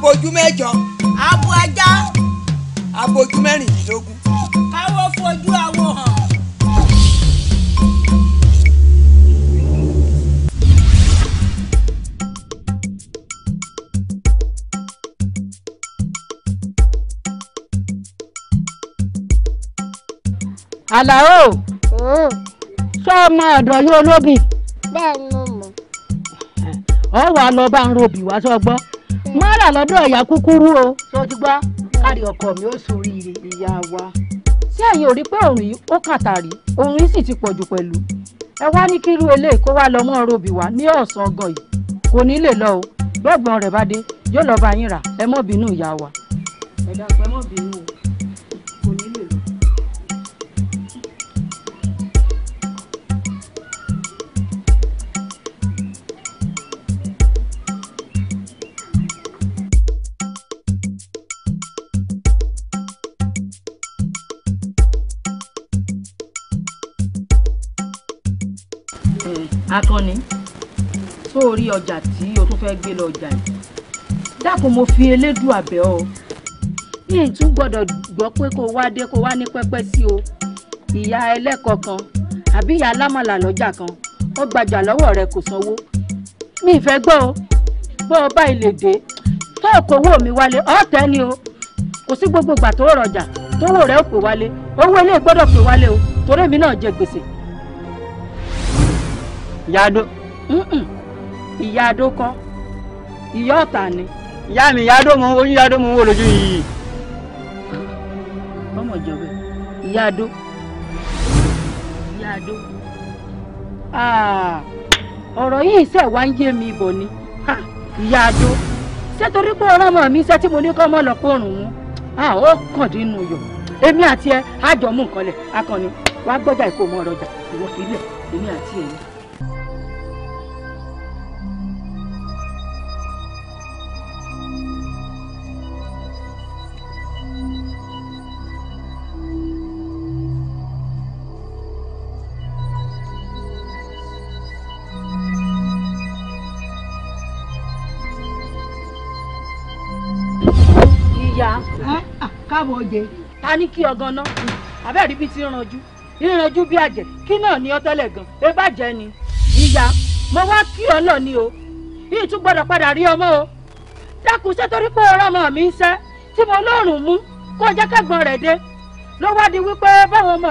abojú mẹ́jọ. abo ajá. abojú mẹ́rìndínlógún. káwọ́ fojú awo hàn. àlàó sọ ọmọ ọ̀dọ̀ yóò lóbì. bẹ́ẹ̀ ni mo mọ̀. ọ wà lọ bá ń robì wá sọ gbọ́ má rà lọ́dọ̀ ìyá kúkúrú o. sọ ti gbá kárí ọkọ mi ó soríire ìyá wa. ṣé ẹ̀yin ò rí pé òun yìí ó kàtàrí òun yìí sì ti pọ̀jù pẹ̀lú. ẹ wá ní kírú eléyìí kó wá lọ mọ́ robì wá ní ọ̀sán gan yìí kò ní lè lọ o gbọ́gbọ́n rẹ̀ bá dé yóò lọ bá yín rà ẹ mọ́ bínú ìyá wa. ẹ dàpẹ́ mọ́ bínú akọni tó rí ọjà tí o tún fẹ́ gbé lọ ọjà yìí dákun mo fi elédùn àbẹ̀ ọ. ní ìtún gbọ́dọ̀ gbọ́ pé kó wá dé kó wá ní pẹ́pẹ́ sí o ìyá ẹlẹ́kọ̀ọ́ kan àbí ìyá alámọ̀là lọ́jà kan ó gbajà lọ́wọ́ rẹ kò sanwó mi ìfẹ́ gbọ́ o gbọ́ ọ báyìí lè dé tó òkòwò mi wálé ọ̀tẹ́ ni o kò sí gbogbo ìgbà tó rọjà tówó rẹ ò pè wálé owó ilé gbọ́dọ̀ pè wálé o torí èmi náà jẹ gbèsè ìyá adó. ìyá adó kọ́ ìyá ọ̀tà ni. ìyá mi ìyá adó mo ń wo ìyá adó mo ń wo lójú yìí. ọmọ ìjọba ìyá adó ìyá adó. Ah, ọ̀rọ̀ yìí ṣe wá ń yé mi bọ̀ ni ìyá ṣé torí pé ọ̀rọ̀ ọmọ mi ṣe tí mo ní kọ́ mọ́ lọ́pọ̀ òrùn wọn ó kàn dín inú yọ̀ èmi àti ẹ àjọmú nǹkan lẹ̀ akọni wàá gbọ́jà ìkó mọ́ ọ̀rọ̀ ọjà ìwọ fi èmi àti ẹ̀yìn. wo oje ta ní kí ọgán ná àbẹ́rẹ́ ibi tí ń ranjú ìranjú bí àjẹ́ kí náà gan ni mo wá kí ọ ni o yìí tún padà rí ọmọ o dákun torí pé ọmọ mi ń tí mo lóòrùn mú kó dé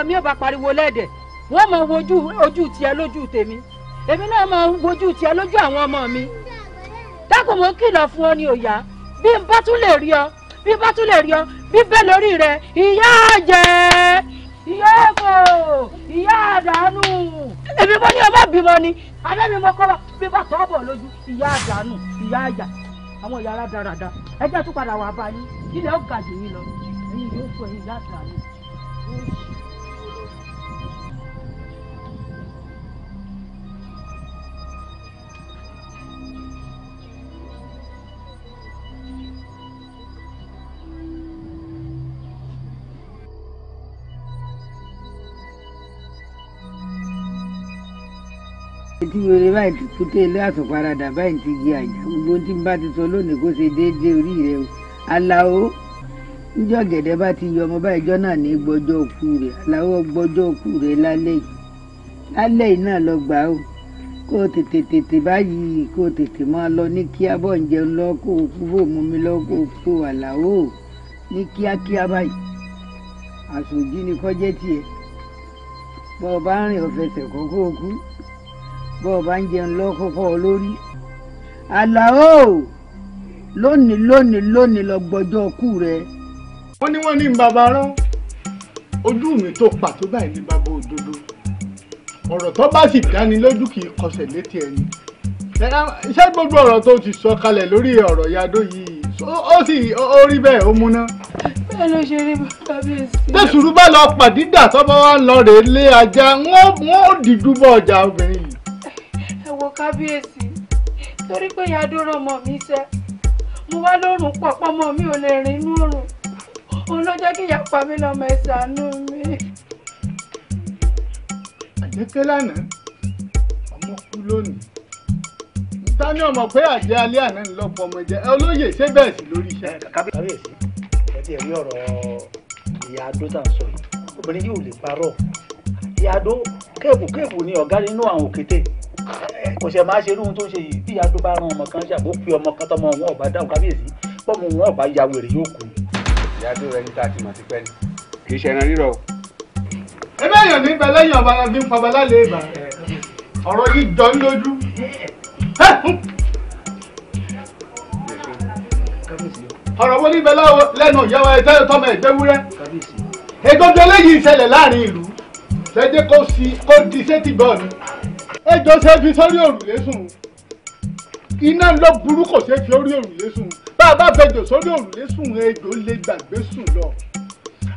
mi ò pariwo mọ wojú ojú lójú tèmi èmi náà mọ wojú lójú àwọn ọmọ mi mo fún ọ bí bá tún lè rí ọ bí bẹ́ẹ̀ lórí rẹ ìyá àjẹ́ ìyá ẹ̀kọ́ ìyá àdánù èmi mo ní ọmọ bímọ ni alẹ́ mi mo kọ́ wa bí bá tọ́ bọ̀ lójú ìyá àdánù ìyá àjà àwọn ìyá aládàradà ẹjẹ́ tún padà wà bá yín ilẹ̀ ó gàdé lọ ẹ̀yin yóò fọ ẹ̀yin látàánú ó tí yorùbá báyìí ti kú tẹ ilé àsùnparadà báyìí ti di àjà gbogbo tí n bá ti sọ lónìí kó ṣe déédéé orí rẹ o aláwo níjọ́ gẹ̀dẹ̀ bá ti yọ ọmọ báyìí jọ náà ní gbọ́jọ́ òkú rẹ̀ aláwo gbọ́jọ́ òkú rẹ̀ lálẹ́ yìí lálẹ́ yìí náà lọ gbà ó kó o tètè tètè báyìí kó o tètè máa lọ ní kíá bọ́ ń jẹun lọ kó o kú bò mú mi lọ kó o kú aláwo ní kíákíá báyìí àṣòjì ni kọ́jẹ́ tiẹ̀ bọ́ bá rìn ọ̀fẹsẹ̀ kọ́kọ́ kú bọ́ ọ bá ń jẹun lọ́kọ́kọ́ lórí. àlàó lónìí lónìí lónìí lọ gbọ́jọ́ kú rẹ. wọ́n ní wọ́n ní bàbá rán ojú mi tó pàtó báyìí ní bàbá òdodo ọ̀rọ̀ tó bá sì dáni lójú kì í kọsẹ̀ létí ẹni ṣé gbogbo ọ̀rọ̀ tó ti sọ kalẹ̀ lórí ọ̀rọ̀ yadó yìí ó sì ó rí bẹ́ẹ̀ ó múná. bẹ́ẹ̀ ló ṣe rí kábíyèsí. tẹ̀sùrú bá lọ pàdídà tọ́bọ̀ wá lọ rèé lé ajá wọ́n ó dìdú ọjà obìnrin yìí kábíyèsí torí pé ìyá dúró ọmọ mi ṣe mo wá lórùn pọpọ ọmọ mi ò lè rìn inú òrùn òun ló jẹ́ kí ìyá pa mí lọ́mọ ẹ̀ ṣàánú mi. àjẹkẹ́ lánàá ọmọ kú lónìí ta ni ọmọ pé àjẹ alẹ́ àná ń lọ́pọ̀ ọmọ jẹ olóyè ṣé bẹ́ẹ̀ sí lórí iṣẹ́. kábíyèsí ẹ ti rí ọ̀rọ̀ ìyá adó sọ yìí obìnrin yìí ò lè parọ́ ìyá adó kéèbù kéèbù ni ọ̀gá nínú àwọn òkété kò ṣe máa ṣe irú ohun tó ń ṣe yìí bí adó bá ran ọmọ kan ṣàbó pe ọmọ kan tọmọ wọn ọba dáhùn kábíyèsí pọ́ọ̀mù wọn ọba ya wèrè yóò kú. ìyá tó rẹ ní tá a ti mọ̀ ti pẹ́ ni kì í ṣe ẹran rírọ̀. ẹgbẹ́ èèyàn ní bẹ́ẹ̀ lẹ́yìn ọba fi ń pa ọba lálẹ́ ìbà ọ̀rọ̀ yìí jọ ń lójú. ọ̀rọ̀ wo níbẹ̀ lẹ́nu ìyá wa ẹ̀tẹ́ tọmọ ẹ̀gbẹ́ wúrẹ́ ètò ẹjọ́ ṣẹ́bi sórí òrùlé sùn iná lọ burú kò ṣeé fi orí òrùlé sùn bá a bá fẹjọ́ sórí òrùlé sùn ejò lè gbàgbé sùn lọ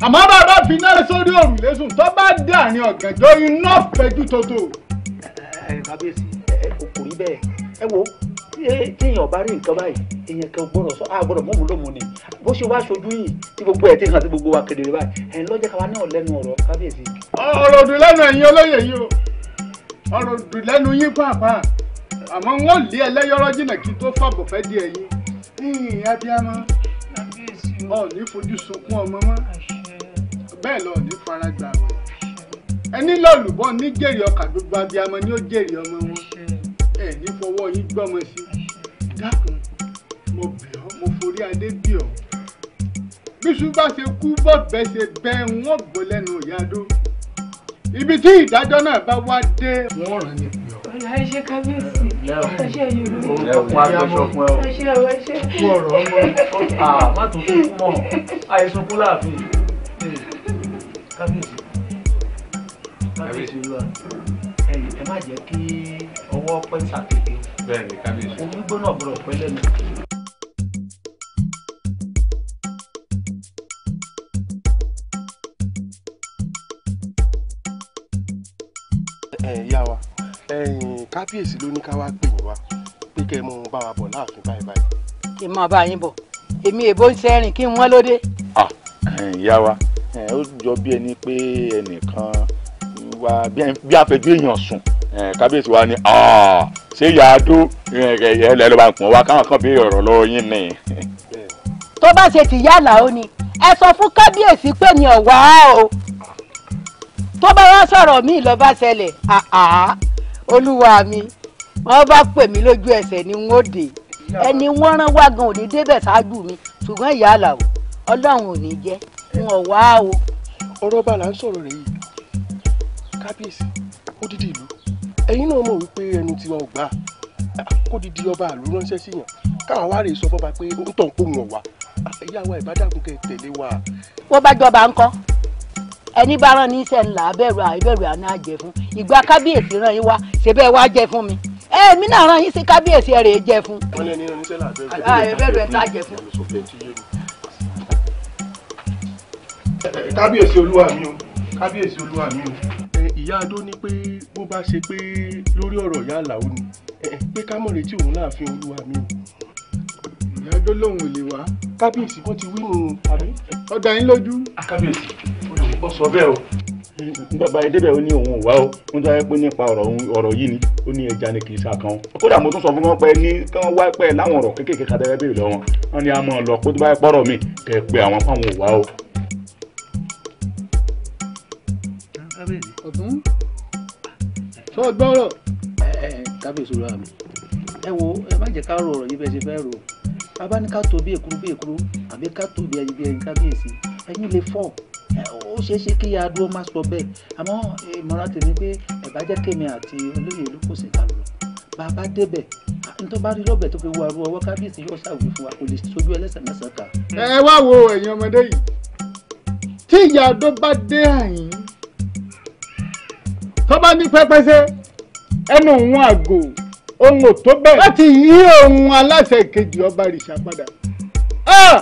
àmọ́ bá a bá fi iná sórí òrùlé sùn tó bá dé àárín ọ̀gànjọ́ iná fẹjú tótó. kábíyèsí kò kò rí bẹ́ẹ̀ ẹ wo téèyàn bá rí nǹkan báyìí èèyàn kan gbọ́dọ̀ sọ àgbọ́dọ̀ mọ̀mú lómù ni bó ṣe wá aṣojú yìí tí gbogbo ẹ̀ tí kan sí gbogbo wa kedere báyìí ẹ̀ ń lọ́jọ́ káwa náà lẹ́nu ọ̀rọ̀ kábíyèsí. ọ̀rọ̀ òdùn lẹ́nu ẹ̀yin olóyè yìí o ọ̀rọ̀ dùn lẹ́nu yín pàápàá àmọ́ wọ́n lé ẹlẹ́yọ̀rọ̀ jìnnà kí n tó fàbọ̀ fẹ́ di ẹ̀yìn ẹ̀yìn abiyamọ ọ̀ọ́ni fojú sunkún ọmọ mọ́ bẹ́ẹ̀ lọ ní faragbà wọn ẹni lọ́lùbọ́ ní jèrè ọkà gbogbo abiyamọ ni ó jèrè ọmọ wọn ẹ̀ ní fọwọ́ yín gbọ́mọ sí dákun mo bẹ̀ ọ́ mo forí adé bí ọ́ bíṣú bá ṣe kú bọ́ọ̀bẹ ṣe bẹ́ẹ̀ wọ́n gbọ́ lẹ́nu ìyá dó ibi tí ìdájọ́ náà bá wá dé wọ́n ràn ní ìpè ọ́. ọ̀la ẹ ṣe kábíyèsí ẹ ṣe yorùbá ẹ fún agbẹ́sọ fún ẹ o ẹ ṣe ọ ẹ ṣe. fún ọ̀rọ̀ ọmọ má tó fún mọ́ àìsàn kú láàfin kábíyèsí kábíyèsí olúwa ẹ má jẹ́ kí ọwọ́ pẹ́ sàkété o omi gbóná ọ̀gbọ̀rọ̀ pẹ́ lẹ́nu. ẹ yá wa ẹ̀yin kábíyèsí ló ní ká wá pè yín wá pé kẹ́ ẹ mọ ohun bá wa bọ̀ láàfin báyìí báyìí. kí n yín bọ̀ èmi èbó ń sẹ́rìn kí n wọ́n lóde. Ah, ìyá wa ó jọ bí ẹni pé ẹnìkan wa bí àfẹjú èèyàn sùn kábíyèsí wa ni ah, ṣé ìyá adó ẹ lọ bá ń pọn wá káwọn kan béèrè ọ̀rọ̀ lọ́wọ́ yín ni. tó bá ṣe tìyá àlàó ni ẹ sọ fún kábíyèsí pé mi ò o tó bá wá sọ̀rọ̀ mi lọ bá ṣẹlẹ̀ àá olúwa mi wọ́n bá pè mí lójú ẹsẹ̀ ni wọ́n dé ẹni wọ́n rán wá gan òní débẹ̀ ṣáájú mi ṣùgbọ́n ìyá àlàó ọlọ́run ò ní jẹ́ n ò wá o. ọ̀rọ̀ bá là ń sọ̀rọ̀ rẹ̀ yìí kábíyèsí ó dídì ìlú ẹ̀yin náà mọ̀ wípé ẹnu tiwọn ò gbà kó dídì ọba àlú ránṣẹ́ sí yàn káwọn wá rèé sọ fọba pé ń tàn kó wọn wá ìyá wa ìbádàgùn kẹ tẹ̀lé wa. wọ́n bá jọba ńkọ́ ẹni bá rán ní iṣẹ́ ńlá abẹ́rù àìbẹ̀rù àná àjẹ fún ìgbà kábíyèsí rán yín wá ṣèbẹ́ wá jẹ fún mi èmi náà rán yín sí kábíyèsí ẹ̀rẹ̀ jẹ fún. wọ́n lẹ́ni oníṣẹ́ làbẹ́rù àìbẹ̀rù ẹ̀ tá jẹ fún. kábíyèsí olúwa mi o kábíyèsí olúwa mi o. ìyá adó ní pé bó bá ṣe pé lórí ọ̀rọ̀ ìyá àlàó ni pé ká mọ̀ retí òun láàfin olúwa mi o. ìyá adó lòun ò lè wá kábíyèsí kan ti wí nù. ó yín lójú. kábíyèsí ó sọ bẹ́ẹ̀ o. bàbá ìdébẹ̀ ó ní òun ò wá o ń tọ́ ẹ pé nípa ọ̀rọ̀ yìí ni ó ní ẹja ni kì í sàkàn o. kódà mo tún sọ fún wọn pé ní kí wọ́n wá pẹ́ láwọn ọ̀rọ̀ kéékèèké ká dára béèrè lọ́wọ́ wọn ni a máa lọ kó tó bá yẹ pọ́rọ̀ mi kẹ́ ẹ pé àwọn fáwọn ò wá o. ọ̀tún sọ gbọ́rọ̀. ẹ ẹ kábíyèsí olúwa mi ẹ wo ẹ má jẹ́ ká rò ọ̀rọ̀ yìí bẹ́ẹ̀ ṣe fẹ́ rò abáníkà tó bí èkúrú bí èkúrú àbí ká tó bí ẹyin bí ẹyin kábíyèsí ẹyin lè fọ́ọ̀ ó ṣeé ṣe kí adúró má sọ bẹ́ẹ̀ àmọ́ eh, ìmọ̀ràn tèmi pé ẹ̀bá jẹ́ kémi àti olóyè olùkọ́sìn ká lọ bàbá débẹ̀ tó bá rí lọ́bẹ̀ tó fi wọ arú ọwọ́ kábíyèsí yóò ṣàwí fún wa kò lè sojú ẹlẹ́sẹ̀ mẹ́sàn-án kan. ẹ wá wo ẹ̀yin ọmọdé yìí tí ìyá àdó bá dé àyín tó bá ní pẹ́pẹ́sẹ́ ẹnu òun àgò ohun ò tó bẹ́ẹ̀ láti yí ohun aláṣẹ kejì ọba rìṣà padà. Ah!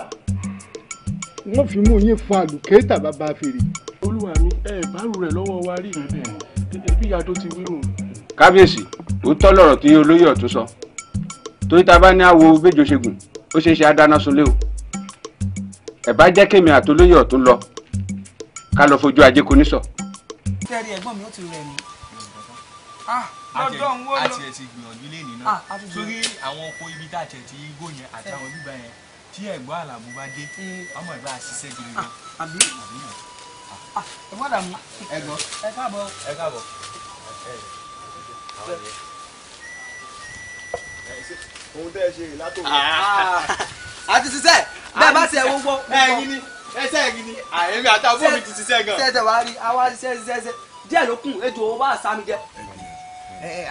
wọ́n fi mú yín fún àlùkẹ́ tàbá bá fèrè. olúwa mi ẹ bárù rẹ lọ́wọ́ wa rí mi bẹ́ẹ̀ bí ìyá tó ti wí nù. kábíyèsí òótọ́ lọ̀rọ̀ tí olóyè ọ̀tún sọ torí ta bá ní àwo bẹ́jọ ṣègùn ó ṣeé ṣe adáná sunlé o ẹ bá jẹ́ kémi àtolóyè ọ̀tún lọ ká lọ fojú ajé kò ní sọ. tẹ́rì ẹ̀gbọ́n mi ó ti rẹ̀ mí. Ah, lọ́jọ́ ń wó lọ. Ah, a ti ẹ̀ ti gbìyànjú lé nínú sórí àwọn oko ibi tá a ti ẹ̀ ti gò yẹn àtàwọn olúbà yẹn tí ẹ̀gbọ́n àlàbù bá dé mm. ọmọ ìgbà àṣìṣe gidi gan. Ah, àbí ah, ẹ̀gbọ́n dàmú ẹ̀gbọ́n ẹ káàbọ̀. ẹ káàbọ̀ ohun tẹ́ ẹ ṣe látò. Ah, a ti ṣiṣẹ́ bẹ́ẹ̀ bá ti ẹ̀ wọ́pọ̀. ẹ̀yin ni ẹsẹ̀ ẹ̀yin ni àyẹ̀mí àtàwọn mi ti ṣiṣẹ́ gan. ṣẹ́ẹ̀tẹ̀ wá rí àwa ṣiṣẹ́ ṣiṣẹ́ ṣe díẹ̀ ló kù ètò owó bá sami jẹ.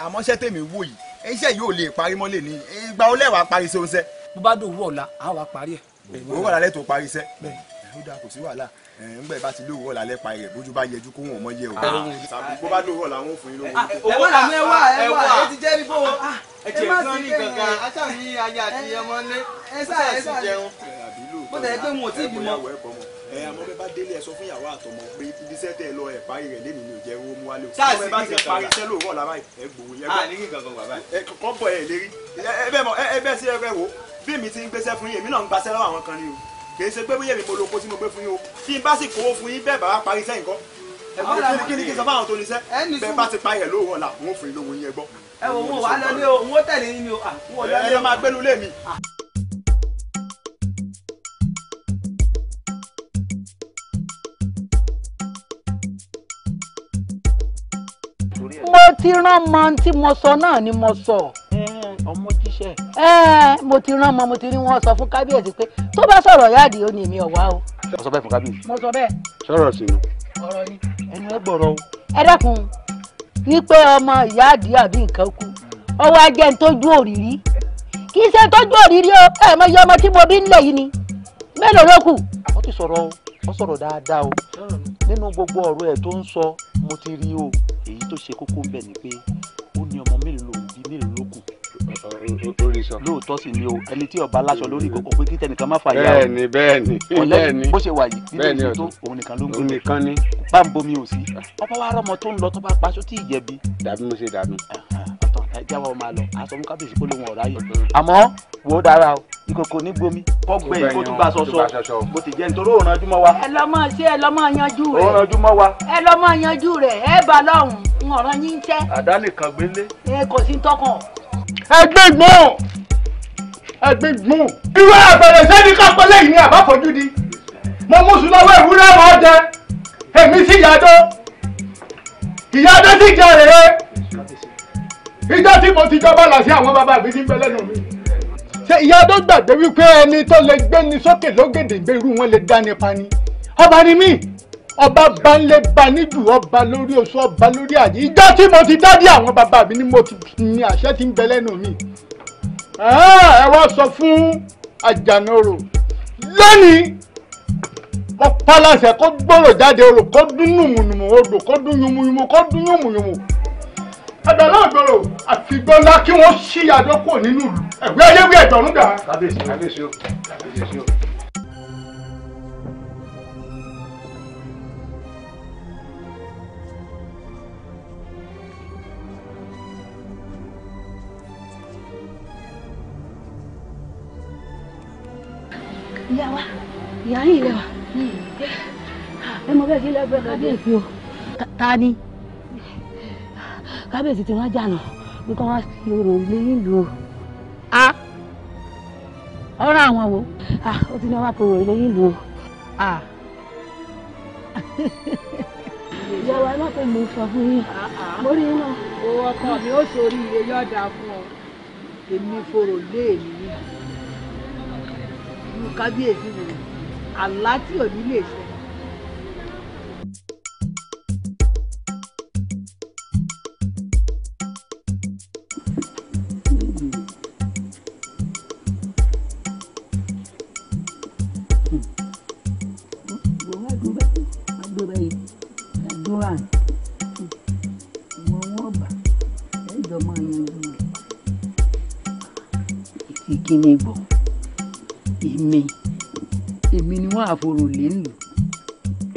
àmọ́ ṣẹ́ tèmi wò yìí iṣẹ́ yìí ò lè parí mọ́ lè ní ìgbà ó lẹ́wàá parí ṣoṣẹ́ bó bá dòwú ọ̀la á wá parí ẹ̀. owó wà lálẹ́ tó parí iṣẹ́ ó dáa kò sí wàhálà ńgbà bá ti lówó ọ̀la lẹ́pa rẹ̀ bójú bá yẹjú kó wọ́n mọ́ yẹ o. bó bá lówó ọ̀la wọn fún yín lówó. owó làwọn ẹ wà ẹ wà ẹ ti jẹ́ níbo ẹ jẹ́ fún ní kankan aṣáà ayé àti ọmọ ilé ẹ sáà ẹ sáà tẹ̀ ẹ́ pé wọn ò tí ì bímọ ẹ àmọ́ bẹ́ẹ̀ bá délé ẹ sọ fún ìyàwó àtọmọ pé ibi iṣẹ́ tẹ ẹ lọ ẹ parí rẹ̀ lẹ́nu mi ò jẹ́ owó mú wálé o. sáà sí ní kankan parí iṣẹ́ lóòrọ̀ làbá ẹ gbòòrò yẹn. a ní kí kankan bàbá yìí. ẹ kọ́ bọ̀ ẹ lérí ẹ bẹ́ẹ̀ mọ ẹ bẹ́ẹ̀ sí ẹ fẹ́ wo bí èmi ti ń gbéṣẹ́ fún yín èmi náà ń gbaṣẹ́ lọ́wọ́ àwọn kan ni o kì í ṣe pé bóyá èmi mo loko tí mo gbé fún yín o tí n bá sì kówó fún yín bẹ́ẹ̀ bàbá parí iṣẹ́ nǹkan ẹgbọ́n kí ni kí n sọ fáwọn tó ní sẹ́ bẹ́ẹ̀ bá ti parí ẹ̀ lóòrọ̀ là wọ́n fún yín lówó yín ẹgbọ́n. ẹ wò wọn wà lọ ní o wọn tẹ̀lé yín ni o. ẹ lọ máa gbẹ́nu lé mi. ti rán mọ tí mo sọ náà ni mo sọ. ọmọ ẹ mo ti rán mọ mo ti rí sọ fún kábíyèsí pé tó bá sọ̀rọ̀ yáàdì ó ní èmi o. mo bẹ́ẹ̀ fún kábíyèsí. mo sọ bẹ́ẹ̀. sí i. ni. ẹnu ẹ o. ẹ dákun pé ọmọ ìyáàdì àbí nǹkan kú ọwọ́ ajẹ́ ń tójú òrìrí kì í ṣe tójú òrìrí o ẹ mọ iye ọmọ tí mo bí ń ni mélòó ló kù. àwọn ti sọ̀rọ̀ mo ti rí o èyí tó ṣe kókó bẹ̀ ni pé ó ní ọmọ mélòó lòun bí mélòó ló kù. lóòótọ́ sì ni o ẹni tí ọba aláṣọ lórí ìkọ̀kọ̀ pé kí tẹnìkan má fà yà o. bẹ́ẹ̀ni bẹ́ẹ̀ni bẹ́ẹ̀ni bó ṣe wà yìí nílé ìṣó tó òun nìkan ló ń gbé nìkan ni. bá ń bomi ò sí ọba wa rọmọ tó ń lọ tó bá paṣọ tí ìjẹbi. dàbí mo ṣe dànù. ọ̀tọ̀ ẹ̀jẹ̀ wa máa lọ aṣọ mú kábíyèsí kó lóun ọ̀rá yìí àmọ́ wò ó dára o ìkòkò ní gbomi kọgbẹ kó tún bá ṣoṣo bó ti jẹ nítorí òun ranjú mọ́ wa. ẹ lọ máa ṣe ẹ lọ máa yanjú rẹ òun ranjú mọ́ wa. ẹ lọ máa yanjú rẹ ẹ bá lọhùn n ọ̀ràn yín tẹ́. àdá nìkan gbélé. ẹ kò sí tọkàn. ẹgbẹ́ ìgbọ́n ẹgbẹ́ ìgbọ́n. irú àbẹ̀rẹ̀ sẹ́ni kápẹ́ lẹ́yìn ni àbá fojú di mo mú sùn ìwúrẹ́ máa jẹ èmi sí ìyájọ́ ìyájọ́ sì jẹ rèé ìjọ́ tí mo ti jọba làṣẹ àwọn bàbá mi ní bẹ́lẹ́ nù mí ṣé ìyá ọdún gbàgbé wípé ẹni tó lè gbé ni sókè lógèdè gbé irú wọn lè dání pa ni ọba ni mí ọba banlé banijù ọba lórí oṣù ọba lórí àyè ìjọ tí mo ti dádì àwọn bàbá mi ni mo ti ní àṣẹ tí ń bẹ lẹ́nu mi ah, ẹ wá sọ fún àjànàrò lónìí kó pálásẹ kó gbòòrò jáde orò kó dún nùmùnùmù odò kó dún yùmùyùmù kó dún yùmùyùmù àgbàlá ògbòrò àti gbọ́nlá kí wọ́n ṣí àdókò nínú ìlú ẹ̀wẹ́ ayéwé ẹ̀dọ̀rún dà. kábíyèsí kábíyèsí o kábíyèsí o. ìyá wa ìyá yìí lẹ́wà hmm. ẹ mọ bẹ́ẹ̀ kí lẹ́gbẹ̀ẹ́ kábíyèsí o. ta ni kábíyèsí tí wọ́n jànà bí kí wọ́n fi orò ilé nílùú o. ọ̀rọ̀ àwọn wo ó ti ní wọ́n bá fi orò ilé nílùú o. ìyàwó ẹ má pè mí sọ fún yín mo rí iná. owó ọkọ mi ó sori iye yọ̀ọ̀dà fún ọ èmi forò lé èmi ní ìlú kábíyèsí mi àlá tí ò ní lè ṣe. kí ni gbọ́ èmi èmi ni wọ́n àforò lè ń lò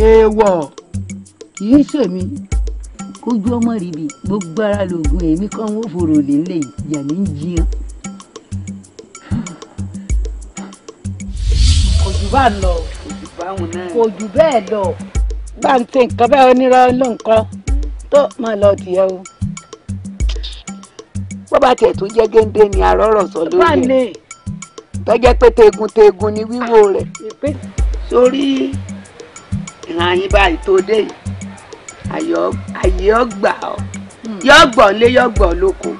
èèwọ̀ kì í ṣèmi kójú ọmọ ríbi gbogbo ara lògùn èmi kọ́ ń wò forò lè ń lè yà ní jiyàn. kò jù bá lọ kò jù bẹ́ẹ̀ lọ bá ń ṣe nǹkan bẹ́ẹ̀ onírọ̀ ló ń kọ́ tó máa lọ tiẹ̀ o bó tiẹ̀ tó jẹ́ géńdé ni arọ́rọ̀ sọ lórí ẹ̀ tó jẹ́ pé tegun-tegun ni wíwò rẹ̀ sórí ìran yín báyìí tó dé yìí àyè ọgbà ọ hmm. yọgbọ lé yọgbọ lóko.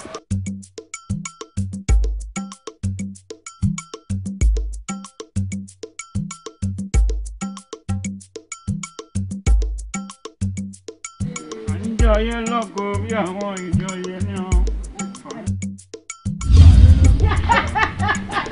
ayé lọ́gọ̀ bí àwọn ìdí.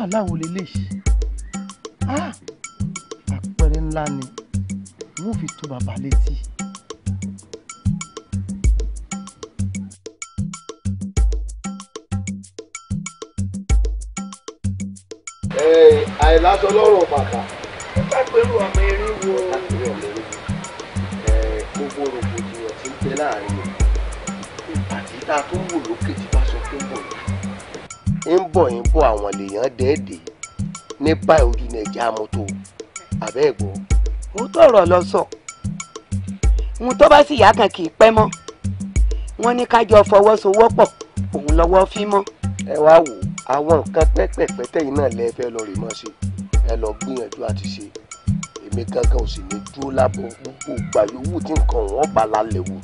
gbà láwọn lélẹ́yìí àpẹẹrẹ ńlá ni wọ́n fi tó bàbá létí. àìlásọ lọ́rọ̀ bàbà. nígbà pẹ̀lú ọmọ erin wo. gbogbo rògbòdìyàn ti ń bẹ láàrin àti tá a tó ń wò lókè jù. èèyàn dẹ́ẹ̀dẹ́ ní báyìí ojú ní ẹja mọ́tò àbẹ́ẹ̀gbọ́. ó tọrọ lọ sọ ohun tó bá sì yá kan kì í pẹ́ mọ́ wọ́n ní kájọ fọwọ́sowọ́pọ̀ òun lọ́wọ́ fí mọ́. ẹ wá wò àwọn nǹkan pẹ́pẹ̀pẹ́ tẹ̀yìn náà lẹ́ẹ̀ fẹ́ lọ rè mọ́ ṣe ẹ lọ gbìyànjú àti ṣe èmi kankan ò sì ní dúró lábọ̀ gbogbo gbàyówù tí nǹkan wọn bá lálẹ́ wò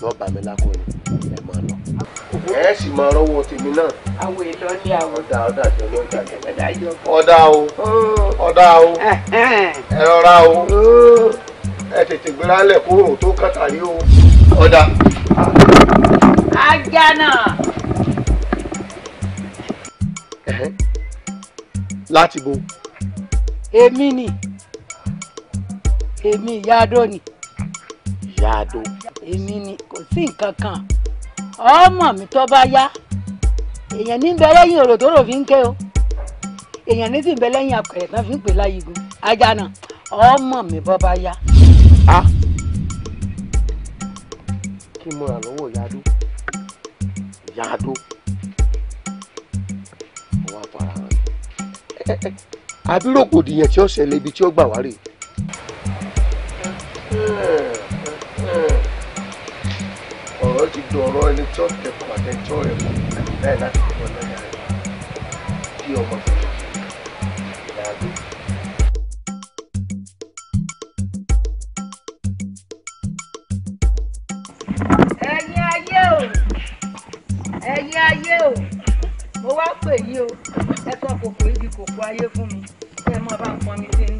lọ́ọ́ bá mi lákùnrin ẹ máa lọ ẹ sì máa rọwọ tèmi náà. àwọn èlò ní àwọn. ọ̀dà ọ̀dà jọlọ ọ̀dà jọlọ. ọ̀dà o mm. ọ̀dà o eh, eh. ẹ rọra o mm. ẹ tètè gbéra lẹ̀ kóòrùn tó kàtàrí o ọ̀dà. ajá náà. láti bo. èmi ni èmi yáádó ni. yáádó. èmi ni kò sí nǹkan kan ọmọ mi tó bá yá èèyàn ní bẹ lẹ́yìn òrò tó fi ń ké o èèyàn ní sì bẹ lẹ́yìn àpẹẹrẹ tán fi ń pè láyigun ajánà ọmọ mi bọ́ bá yá. a kí n múra lọ́wọ́ yáadó yáadó mo wá fara hàn àbí rògbòdìyàn tí ó ṣẹlẹ̀ ibi tí ó gbà wá rèé. ètò ọ̀rọ̀ ẹni tí ó kẹ́kọ̀ọ́ àtẹ̀jọ́ rẹ̀ mọ̀ láì láti kọ́kọ́ lọ́yà rẹ̀ kí ọmọ tuntun ìlàgbé. ẹ̀yin ayé o ẹ̀yin ayé o mo wá pè yín o ẹ sọ kòkò yìí di ayé fún mi kí ẹ máa bá ń pọnmi sínú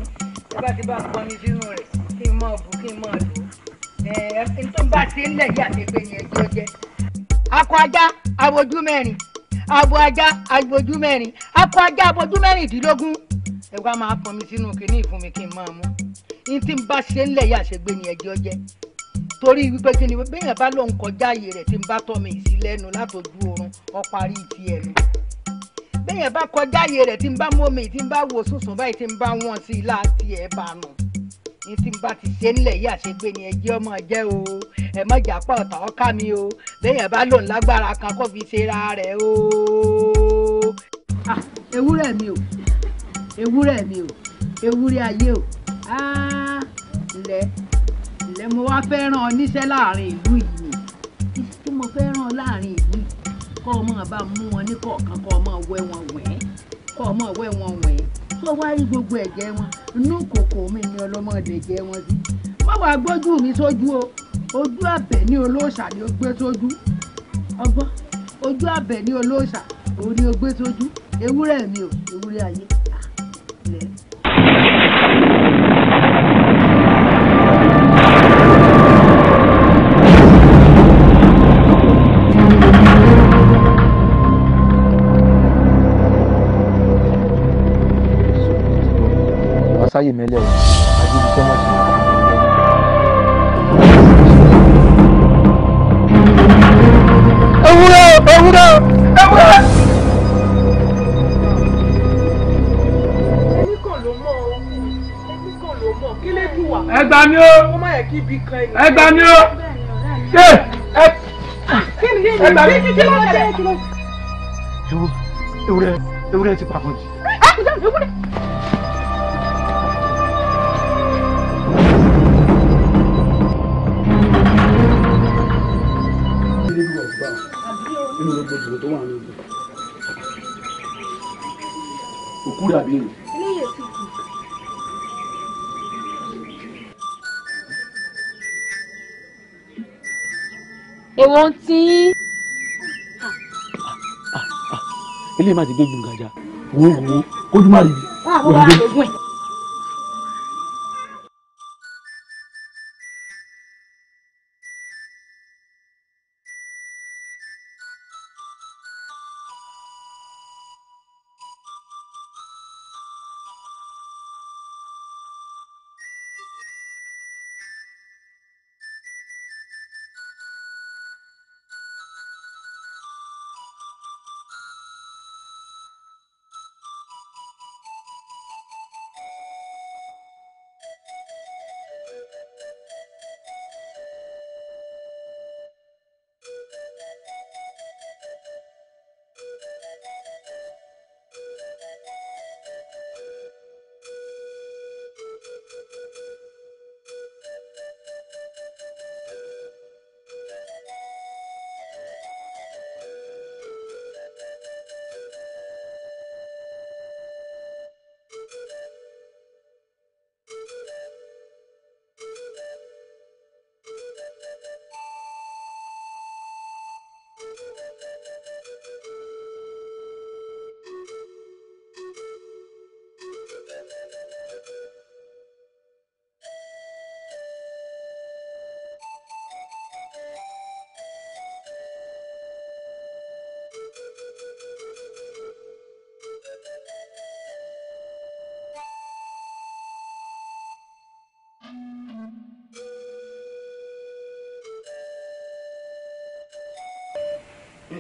ẹ bá ti bá ń pọnmi sínú rẹ̀ kí n máa bù kí n máa lò ó ẹ̀ẹ́dín tó ń bá ti ń lẹ̀ yá mi pé yẹn jẹ́ jẹ́ akọ ajá abojú mẹ́rin abo ajá abojú mẹ́rin akọ ajá abojú mẹ́rìndínlógún ẹ wá máa fọn mi sínú kí ní ìfún mi kí n máa mú ní tí n bá ṣe ń lẹ̀ yá ṣe gbé yẹn jẹ́ jẹ́ torí wípé kí ni bẹ́ẹ̀ bá lóun kọjá ààyè rẹ̀ tí n bá tọ́ mi sí lẹ́nu látọjú oorun ọparí ti ẹ̀ lọ bẹ́ẹ̀ bá kọjá ààyè rẹ̀ tí n bá mú omi tí n bá wo sùsùn báyìí tí n bá wọ́n sí i láti ẹ̀ bá nù sí tí n bá ti ṣe nílẹ̀ yìí àṣegbè ni ẹjẹ́ ọmọ jẹ́ o ẹ má jà pa ọ̀tá ọ̀ká mi o lẹ́yìn bá lòun lágbára kan kó fi ṣera rẹ̀ o. Ah, ewúrẹ́ mi o ewúrẹ́ mi o ewúrẹ́ ayé o ah, ǹlẹ́ ǹlẹ́ mo wá fẹ́ rán ọ níṣẹ́ láàrin ìlú yìí ni tí mo fẹ́ rán ọ láàrin ìlú yìí kọ́ ọmọ bá mú wọn ní kọ̀ọ̀kan kọ́ ọmọ wẹ́ wọn wẹ́ kọ́ ọmọ wẹ́ wọn wẹ́ kọ́ wá rí gbogbo ẹ̀jẹ̀ wọn inú kòkò mi ni ọlọ́mọdé jẹ́ wọn sí má wàá gbójú mi sójú o ojú àbẹ ní olóòṣà ni ó gbé sójú ọgbọ́n ojú àbẹ ní olóòṣà òun ni ó gbé sójú ewúrẹ́ mi ò ewúrẹ́ ayé ah, lẹ́ẹ̀. sáyè mẹ́lẹ̀ o àjíbi tó mọ̀ sí i. ewúrẹ́ ewúrẹ́ ewúrẹ́. ẹ gbà mí o ẹ gbà mí o ṣe ẹ ẹ gbà mí títí lọ́sẹ̀. ewúrẹ́ ewúrẹ́ ti pa fún mi. nínú gbogbo dùrù tó wà nínú ìlú òkú rẹ̀ àbí rẹ̀. èwo tí. Ah, ah, ah, eléyìí má ti gbé gbùngàjà wo wo kójú má rí i. wọ́n á bọ́ bá a lògùn ẹ̀.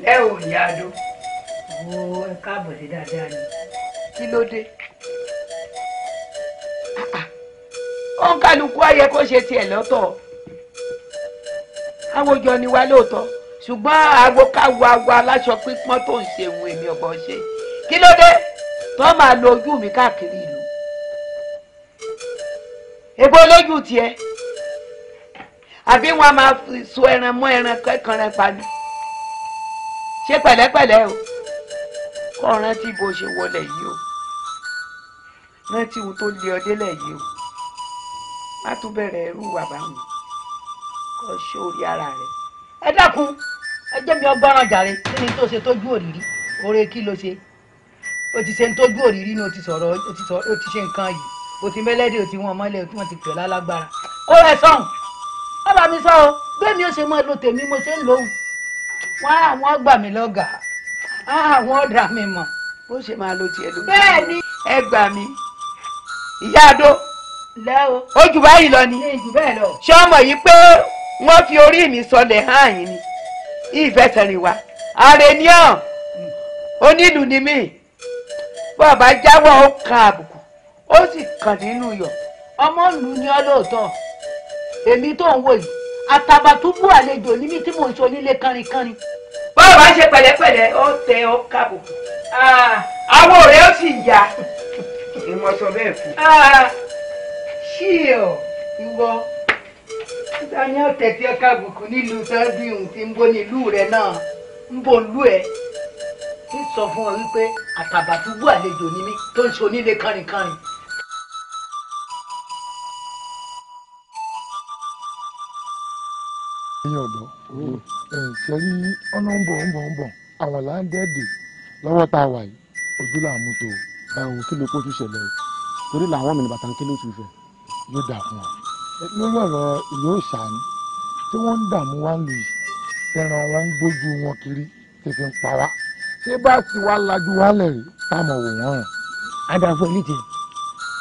ẹ ò yá adó wo ẹ káàbọ̀ sí dáadáa ni kí ló dé òǹkàlùkù ayẹ kó ṣe tiẹ̀ lọ́tọ̀ àwòjọ ni wá lóòótọ́ ṣùgbọ́n àwokáwo awo aláṣọ pípọ́n tó ń ṣe òun èmi ọ̀bọ̀ ṣe kí ló dé tó máa lo ojú mi káàkiri ìlú ègbó lójú tiẹ̀ àbí wọn a máa so ẹran mọ́ ẹran kankan rẹ ṣe pẹ̀lẹ́pẹ̀lẹ́ o kọ́ rántí bó ṣe wọlé yìí o rántí ohun tó lé ọ délẹ̀ yìí o má tún bẹ̀rẹ̀ ẹrú bàbá mi kọ́ ṣe orí ara rẹ̀. ẹ dákun ẹ jẹ́ mi ọgbọ́ràn jàre kí ni tó ṣe tójú òrìrí oore kí ló ṣe o ti ṣe ń tójú òrìrí ni o ti sọ̀rọ̀ o ti ṣe nǹkan yìí o ti mẹ́lẹ́dẹ̀ o ti wọ́n mọ́lẹ̀ tí wọ́n ti pè lálágbára ó rẹ̀ sọ̀hún bàbá mi sọ o bẹ́ẹ̀ mi ò ṣe mọ́ ẹ lo tèmi mo ṣe ń lòun wọ́n àwọn gbà mí lọ́gàá àwọn ọ̀dà mi mọ̀ bó ṣe máa lo tiẹ̀ lójú. bẹ́ẹ̀ ni ẹ gbà mí ìyá àdó ó jù báyìí lọ ni ṣé ọmọ yìí pé wọ́n fi orí mi sọlẹ̀ hàn yín ni ìfẹsẹ̀rìn wa àrèníàn hmm. onílù ni mí bàbá jáwọ́ ó kan àbùkù ó sì kàn nínú yọ̀ ọmọ ìlú ni ọ èmi tó ń wò yìí àtàbàtúbù àlejò ní mi tí mò ń sọ nílé kánrinkánrin. bọ́ọ̀ bá ṣe pẹ̀lẹ́pẹ̀lẹ́ ó tẹ ọ káàbò ah, àwọn ọ̀rẹ́ ó sì yá. ìmọ̀ sọ bẹ́ẹ̀ fún. Ah, ṣí ọ ìwọ nígbà ní ọ̀tẹ̀ tí ọ káàbùkù nílùú sábìhùn ti ń bó nílùú rẹ náà ń bò lú ẹ ń sọ fún ọ wípé àtàbàtúbù àlejò ní mi tó ń sọ nílé kánrinkánrin. ẹ̀yin ọ̀dọ́ ṣe rí ọ̀nà ń bọ̀ ń bọ̀ ń bọ̀ àwọn là ń dẹ́ẹ̀dẹ̀ lọ́wọ́ tá a wà yìí ojú là ń mú tó ẹ̀hún kí ló kó tún ṣẹlẹ̀ torí làwọn mi ní bàtà ń kí ló tún fẹ́ yóò dà fún wa. lórí ọ̀rọ̀ ìlú òṣàní tí wọ́n ń dààmú wa ń lù yìí ẹran wọn ń gbójú wọn kiri ti fi ń pa wá ṣé bá ti wá lajú wa lẹ̀ rí táwọn wò wọ́n rìn. àdàfo elite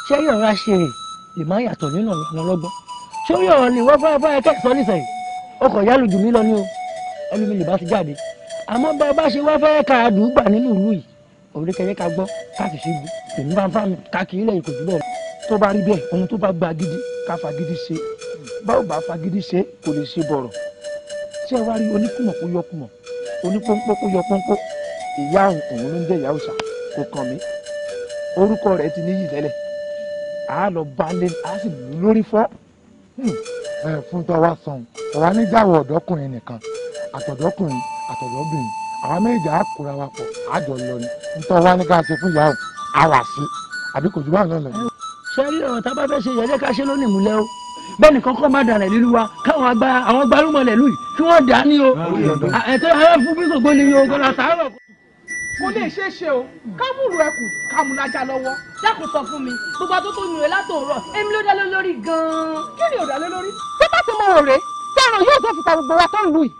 ṣé yọ̀ọ̀ra ṣe rè lè má yàtọ̀ nínú ọ̀nà ọlọ́gbọ́n ṣé yọ̀ọ̀ra lè wá fáfáyà tó sọ nísìnyí ọkọ̀ ìyá lùjù mí lọ ní o ẹlòmí lè bá ti jáde àmọ́ bá a bá ṣe wá fẹ́ ká a dùn ún gbà nínú ìlú yìí òun kẹyẹ ká gbọ́ káàkì ṣe gbọ́ èmi bá ń fà mí káàkiri lẹ́yìn kò jùlọ tó bá rí bẹ́ẹ̀ ohun tó bá gba gidi ká fagidi ṣe báwo bá fagidi ṣe kò lè ṣe bọ̀rọ̀ tí ẹ wá rí oníkùmọ̀ kó yọ kùmọ̀ onípọ́npọ́ kó yọ pọ́npọ́ ìyá òun ló ń jẹ́ ìyá òòṣà kò kàn mí orúkọ rẹ̀ ti níyì tẹ́lẹ̀ àá lọ balẹ̀ àá sì lórí fọ́ hmm fún tọwa sàn tọwa níjàwọ ọ̀dọ́kùnrin nìkan àtọ̀dọ́kùnrin àtọ̀dọ́bìnrin àwa méjì á kóra wa pọ̀ àjọ lọ ni ntọ́wa ní ká ṣe fún ìyá o àwà àbí kò jù báwọn náà lọ. ṣé rí ọ̀rọ̀ tá a bá fẹ́ ṣe yẹlé ká ṣe lónìí múlẹ̀ o bẹ́ẹ̀ nìkan kọ́ má dànù ìlú wa káwọn àgbà àwọn gbalúmọ̀lẹ̀ lù kí wọ́n dà o ẹ̀tọ́ ẹ̀fún bí kò ni o kò sàárọ̀ kò lè ṣe é ṣe o kámúrù ẹkùn kámúlájà lọ́wọ́. dákun sọ fún mi gbogbo àtó tó yùn ẹ látòórọ̀ èmi ló dá lórí gan-an. kí ni ò dá lé lórí. tó bá ti mọ òrè tẹ́ran yóò tó fi ta gbogbo wa tó ń lù yìí.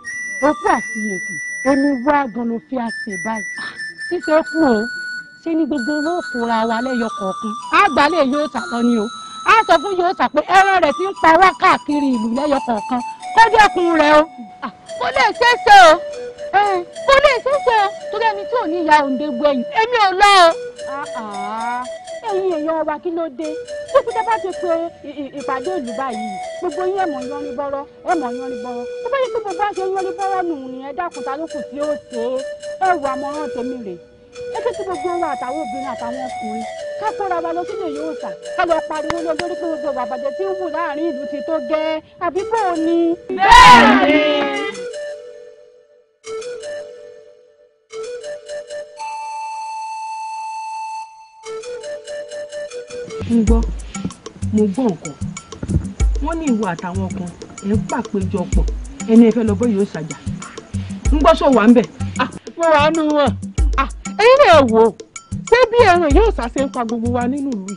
òkú àti èkó omi wá gan ló fi àṣẹ báyìí. ṣíṣe kú o ṣé ní gbogbo owó òkúra wa lẹ́yọ kọ̀ọ̀kan àgbálẹ̀ yóò tà lọ ni o a sọ fún yóò tà pé ẹran rẹ̀ ti ń pa káàkiri ìlú lẹ́yọ kọ̀ọ̀kan kọ́jọ́kùn rẹ̀ o kò lè ṣeé ṣe o kò lè ṣeéṣe torí ẹni tí ò ní ìyá òǹdè gbẹ̀yìn èmi ò lọ. Ah, ah. ẹ̀yin èèyàn wa kí ló dé gbogbo tá a bá ti pe ìpàdé ìlú báyìí gbogbo yín ẹ̀mọ̀ yanrin bọ́rọ́ ẹ̀mọ̀ yanrin bọ́rọ́ tó bá yẹ pé gbogbo àṣẹ yanrin bọ́rọ́ nù ní ẹ dákun ta ló kù tí ó ṣe é ẹ̀rù àmọ́ràn tèmi rè é kí tí gbogbo wa àtàwọn obìnrin àtàwọn ọkùnrin ká kóra wa lọ sílé yóò sà ká lọ pariwo lọ lórí pé gbogbo àbàjẹ́ tí ń wù láàrin ìlú ti tó gẹ́ àbí bò ni. bẹ́ẹ̀ ni. ń gbọ́ mo gbọ́ nǹkan wọ́n ní ìwọ àtàwọn kan ẹ̀ ń pàpéjọ ẹni ẹ fẹ́ lọ ṣàjà ń gbọ́ sọ wà ń bẹ̀. mo wà nù wọn ẹ̀yin náà wò pé bí ẹran yóò ṣàṣe ń pa gbogbo wa nínú ìlú yìí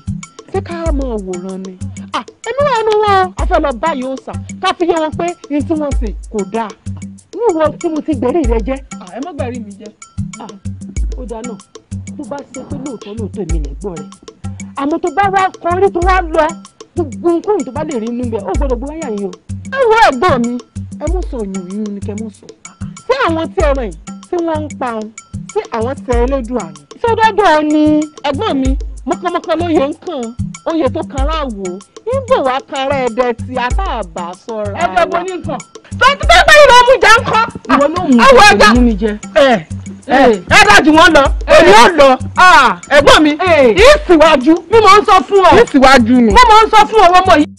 ṣé ká mọ òwòrán ni a fẹ́ lọ bá yóò ṣà ká fi yé wọn pé ní tí wọ́n kò mo ti rẹ jẹ́. ẹ mi jẹ́. ó dáa náà tó bá ṣe pé lóòótọ́ lóòótọ́ àmọ́ tó bá wá kan rí tó wá lọ ẹ gbogbo nǹkan tó bá lè rí inú bẹ ó gbọ́dọ̀ gbọ wáyà yín o. ẹ wo ẹ̀gbọ́n mi ẹ mú sọ yùn yín ni kẹ mú sọ. ṣé àwọn tí ọmọ yìí tí wọ́n ń pa ọ́n ṣé àwọn tẹ ẹlẹ́dùn àná. ṣé ni ẹ̀gbọ́n mi mọ́kànmọ́kàn ló yẹ ń kàn oyè tó kanra wò ń bò wá kanra ẹ̀dẹ̀ tí a tá a ẹgbẹ́ bo ní nǹkan. tó ń tẹ́ pé jẹ́ ńkọ́. ìwọ ló mú mi jẹ ẹ dájú wọn lọ èmi ò lọ ah. ẹ̀gbọ́n mi ìsìwájú mo máa ń sọ fún ọ ìsìwájú ni mo máa ń sọ fún ọ ọmọ yìí.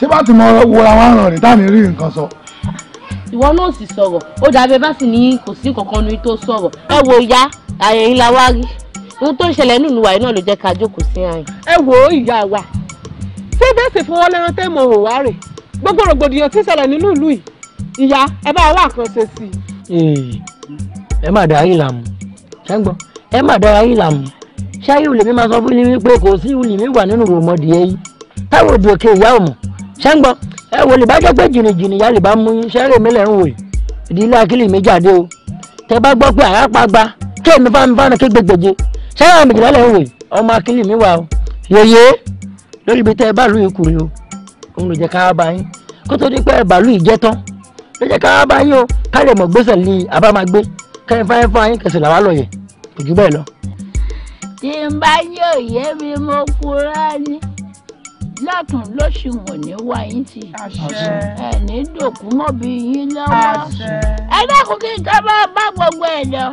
ṣé bá ti mọ wo àwọn àrùn rẹ̀ táàmì rí nǹkan sọ. ìwọ náà sì sọ̀rọ̀ ó dàbí bá sì ní kò sí kankan ní tó sọ̀rọ̀ ẹ wo ìyá àyẹ̀yìn la wá rí ohun tó ń ṣẹlẹ̀ nínú wa yìí náà ló jẹ́ ká jókòó sí àyìn. ẹ wo ìyá wa ṣé bẹ́ẹ̀ sì fọwọ́ lẹ́ran tẹ́ mọ̀ ò wá rè é gbogbo rògbòdìyàn tí sẹlẹ̀ ṣẹlẹ̀ nínú ìlú yìí ìyá ẹ bá wà kan ṣe sí i. ẹ má dá yín làmú ṣé ń gbọ́ ẹ má dá yín làmú ṣáyé olèmí máa sọ fún mi pé kò sí olèmí wà nínú ròmọdìyẹ yìí táwọn òbí òkè ìyá ọmọ ń gbọ́ ẹ wò lè bá jẹ́ pé jìnnìjìnnì lè bá mú lẹ́rùn wò ìdílé akílì mi jáde o gba kí èmi òun ló jẹ́ ká bá yín kó tó di pé bàálù ìjẹ́ tán ló jẹ́ ká bá yín o kárẹ̀ mọ̀ gbèsè lè àbámagbé kẹrin fáyín fáyín kẹsì làwa lọ yẹ kò jù bẹ́ẹ̀ lọ. tí n bá yí òye mi mo kúrò ní látùn lóṣù wọ̀n ní wáyé ti ẹni dòkú mọ́ bí yín lọ́wọ́ ẹ dákun kí n tọ́ bá bá gbogbo ẹ̀ lọ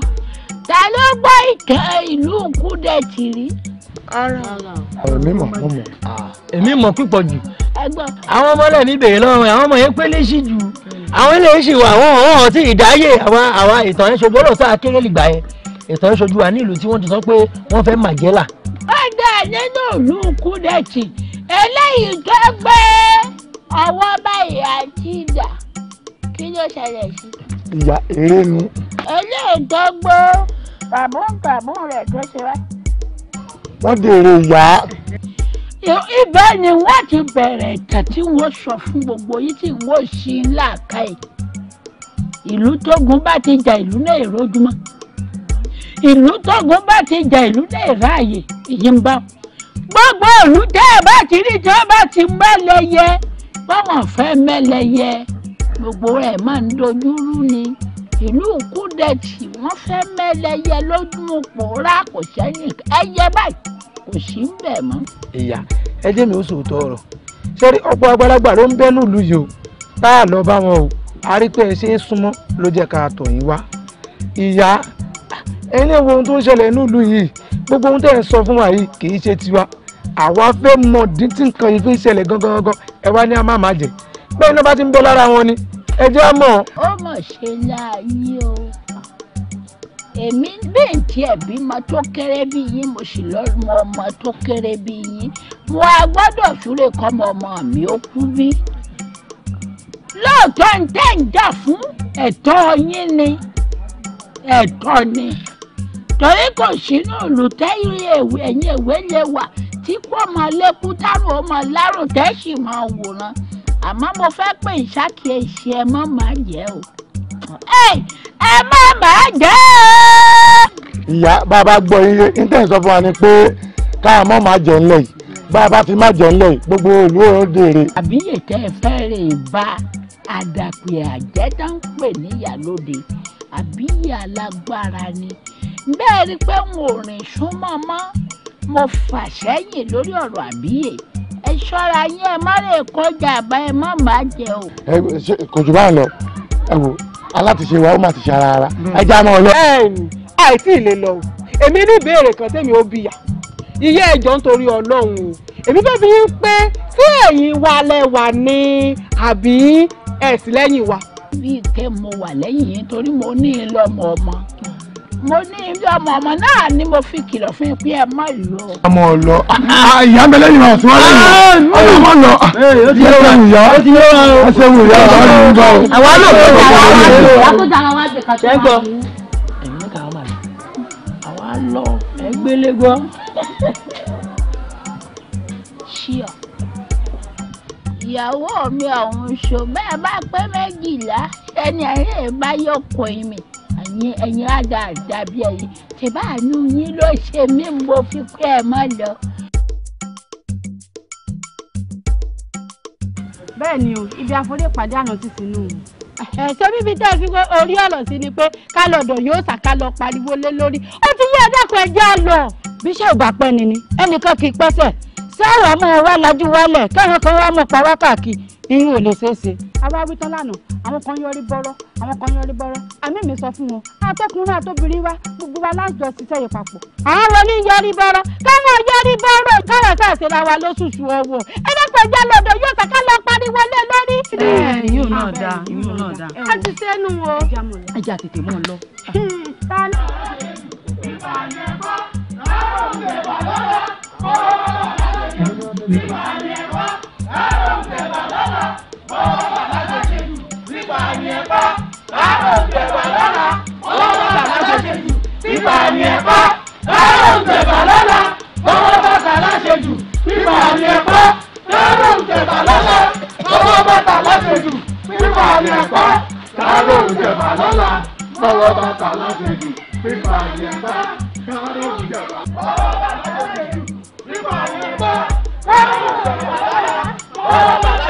ta ló gbọ́ ìtàn ìlú kúdẹ̀ tìrí. Ah, èmi mọ̀ mo mọ̀. èmi mọ̀ pípọ̀ jù àwọn ọmọ náà níbèrè lọ́rùn àwọn ọmọ yẹn pé léṣì jù àwọn ilé ìṣì wà wọ́n ọ̀hún ti ìdáyé àwa àwa ìtàn yẹn ṣojú ọlọ́ọ̀tà akérèlì gbà yẹn ìtàn yẹn ṣojú wa ní ìlú tí wọ́n ti sọ pé wọ́n fẹ́ màjẹ́là. ọ̀dà nínú ìlú kúdẹ̀tì eléyìí tó gbé ọwọ́ báyìí àti ìdà kí ló ṣẹlẹ̀ sí. ìyá eré nu. eléyìí tó gbó kàbọ̀ǹkàbọ̀ǹ rẹ̀ tó ṣe wá wọ́n dèrò wá. ibẹ̀ ni wọ́n ti bẹ̀rẹ̀ ìtàn tí wọ́n sọ fún gbogbo yìí tí wọ́n ṣí làákà ẹ̀ ìlú tógun bá ti jà ìlú náà ìrójúmọ́ ìlú tógun bá ti jà ìlú náà ìráàyè èyí ń bá gbogbo ìlú tẹ́ ẹ bá ti rí tí wọ́n bá ti mẹ́lẹ̀yẹ báwọn fẹ́ mẹ́lẹ̀yẹ gbogbo rẹ̀ máa ń dojú rú ni ìlú kúdẹ̀tì wọ́n fẹ́ mẹ́lẹ́yẹ lójú pòórá kò sẹ́yìn ẹyẹ báyìí kò sí ń bẹ̀ ìyá ẹ jẹ́ mi ó sòótọ́ ọ̀rọ̀ sẹ́rí ọ̀pọ̀ àgbàlagbà ló ń bẹ́ nílùú yìí o tá a lọ bá wọn o a rí pé ẹ ṣe é súnmọ́ ló jẹ́ ká tọ̀ yín wá. ìyá ẹ̀yin lè wo ohun tó ń ṣẹlẹ̀ nílùú yìí gbogbo ohun tẹ́ ẹ̀ sọ fún wa yìí kì í ṣe tiwa àwa fẹ́ mọ̀ dín tí nǹkan yìí fi ń ṣẹlẹ̀ gangan gangan ẹ wá ní a má má jẹ bẹ́ẹ̀ ni wọ́n bá ti ń bọ́ lára wọn ni ẹjọ́ mọ̀. ó mọ̀ ṣe láàyè o èmi bẹ́ẹ̀ tiẹ̀ bímọ tó kéré bí yín mo sì lọ́mọ ọmọ tó kéré bí yín mo a gbọ́dọ̀ súré kọ́mọ ọmọ mi ó kú bí. lóòótọ́ ń tẹ́ ń jà fún ẹ̀tọ́ yín ni ẹ̀tọ́ ni torí kò sínú ìlú tẹ́yìn èwe ẹ̀yìn èwe lè wà tí kò mọ lẹ́kú tárò ó mọ lárò tẹ́sì máa wòran àmọ́ mo fẹ́ pè ń ṣàkíyèsí ẹ mọ́ máa jẹ́ o ẹ mọ́ máa jẹ́ o. ìyá bàbá gbọ́ iye intanet sọ fún wa ni pé káà mọ́ máa jẹun lẹ̀ yìí bàbá fi má jẹun lẹ̀ yìí gbogbo ìlú òun dèrè. àbíyè tẹ́ ẹ rè bá àdàpè àjẹ́dá ń pè níyàlóde àbíyè alágbára ni bẹ́ẹ̀ rí pé n ò rìn súnmọ́ mọ́ mo fà sẹ́yìn lórí ọ̀rọ̀ àbíyè ẹ ṣọ́ra yín ẹ má lè kọjá àbá ẹ má má jẹ o. ẹ ṣe kò jù báyìí lọ ẹ wò alátiṣe wa ó má ti ṣe ara ara mm. ẹ já mọ́ ọ lọ. àìsí ìlè lọ o èmi ní ìbéèrè kan tèmi ó bìyà iye ẹjọ́ nítorí Ọlọ́run o èmi fẹ́ fi yín pé sí ẹ̀yìn wa lẹ́wà ni àbí ẹ̀sìn lẹ́yìn wa. bí ike mo wà lẹ́yìn yín torí mo ní ìlọmọ ọmọ mo ní ibi ọmọ ọmọ náà ni mo fi kìlọ̀ fún pé ẹ má lọ. ọmọ lọ ah, ìyá mi lẹ́yìn ọ̀sùn wọn lẹ́yìn ah, ọmọ ọmọ lọ ẹsẹ̀ wù yá ẹsẹ̀ wù yá ọmọ mi gbọ́. àwa náà kó dára wá sí i kó dára wá sí i ká tó wá sí i. ẹ̀yin kà wá lọ àwa lọ ẹgbẹ́lé gbọ́. ṣíọ ìyàwó mi ọ̀hún ṣò bẹ́ẹ̀ bá pẹ́ méjìlá ẹni ẹ̀rín ẹ̀ bá yọkọ̀ ẹ̀mí yín ẹ̀yin àdàdà bí ẹ̀yin ṣèbáàánú yín ló ṣe mí mo fi kú ẹ̀ mọ́ lọ. bẹ́ẹ̀ ni o ibi àforípàdé àná ti sínú o ẹ̀sọ́ bíbí tẹ́ ẹ fi orí ọ̀rọ̀ sí ni pé ká lọ́dọ̀ yóò sà ká lọ pariwo lé lórí ó ti yí ẹ̀dẹ́kun ẹ̀jẹ̀ lọ. bíṣẹ́ ò bá pẹ́ ni ni ẹnìkan kì í pẹ́sẹ̀ sọ̀rọ̀ ọmọ wa lajú wálẹ̀ kẹ́hìn kan wá mọ̀ pa wákàkì ìyún ò lè ṣeé ṣe awáwí tán lánàá àwọn kan yọrí bọ́rọ́ àwọn kan yọrí bọ́rọ́ àmì mi sọ fún wọn atọ́kùnrin àtọ́bìnrin wa gbogbo wa lájọ ṣiṣẹ́ yìí papọ̀. àwọn wo ni yọrí bọ́rọ́ káwọn yọrí bọ́rọ́ káwọn tá a ṣe ra wa lóṣooṣù ọwọ́ ẹlẹ́pẹ̀jẹ́ lọ́dọ̀ yóò kàkà lọ pariwo lé lórí. yóò náà dáa yóò náà dáa. a ti sẹ́nu o. ẹja tètè mọ́ ọ lọ. ìbànújẹ́ bọ́ ọlọ́run bàbá ṣe jù nípa àmì ẹ̀ bá láàrọ̀ ìgbẹ̀bà lọ́la ọlọ́run bàbá ṣe jù nípa àmì ẹ̀ bá láàrọ̀ ìgbẹ̀bà lọ́la ọlọ́run bàbá ṣe jù nípa àmì ẹ̀ bá láàrọ̀ ìgbẹ̀bà lọ́la ọlọ́run bàbá ṣe jù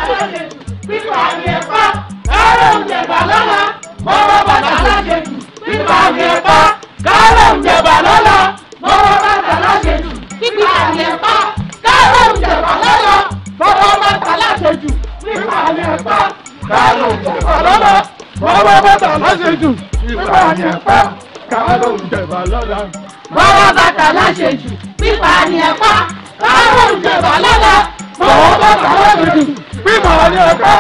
nípa àmì ẹ̀ kálóńjẹ balọ́lá bọ́wọ́ bàtà láṣejù pípa ni ẹ̀pá kálóńjẹ balọ́lá. bọ́wọ́ bàtà láṣejù pípa ni ẹ̀pá kálóńjẹ balọ́lá. bọ́wọ́ bàtà láṣejù pípa ni ẹ̀pá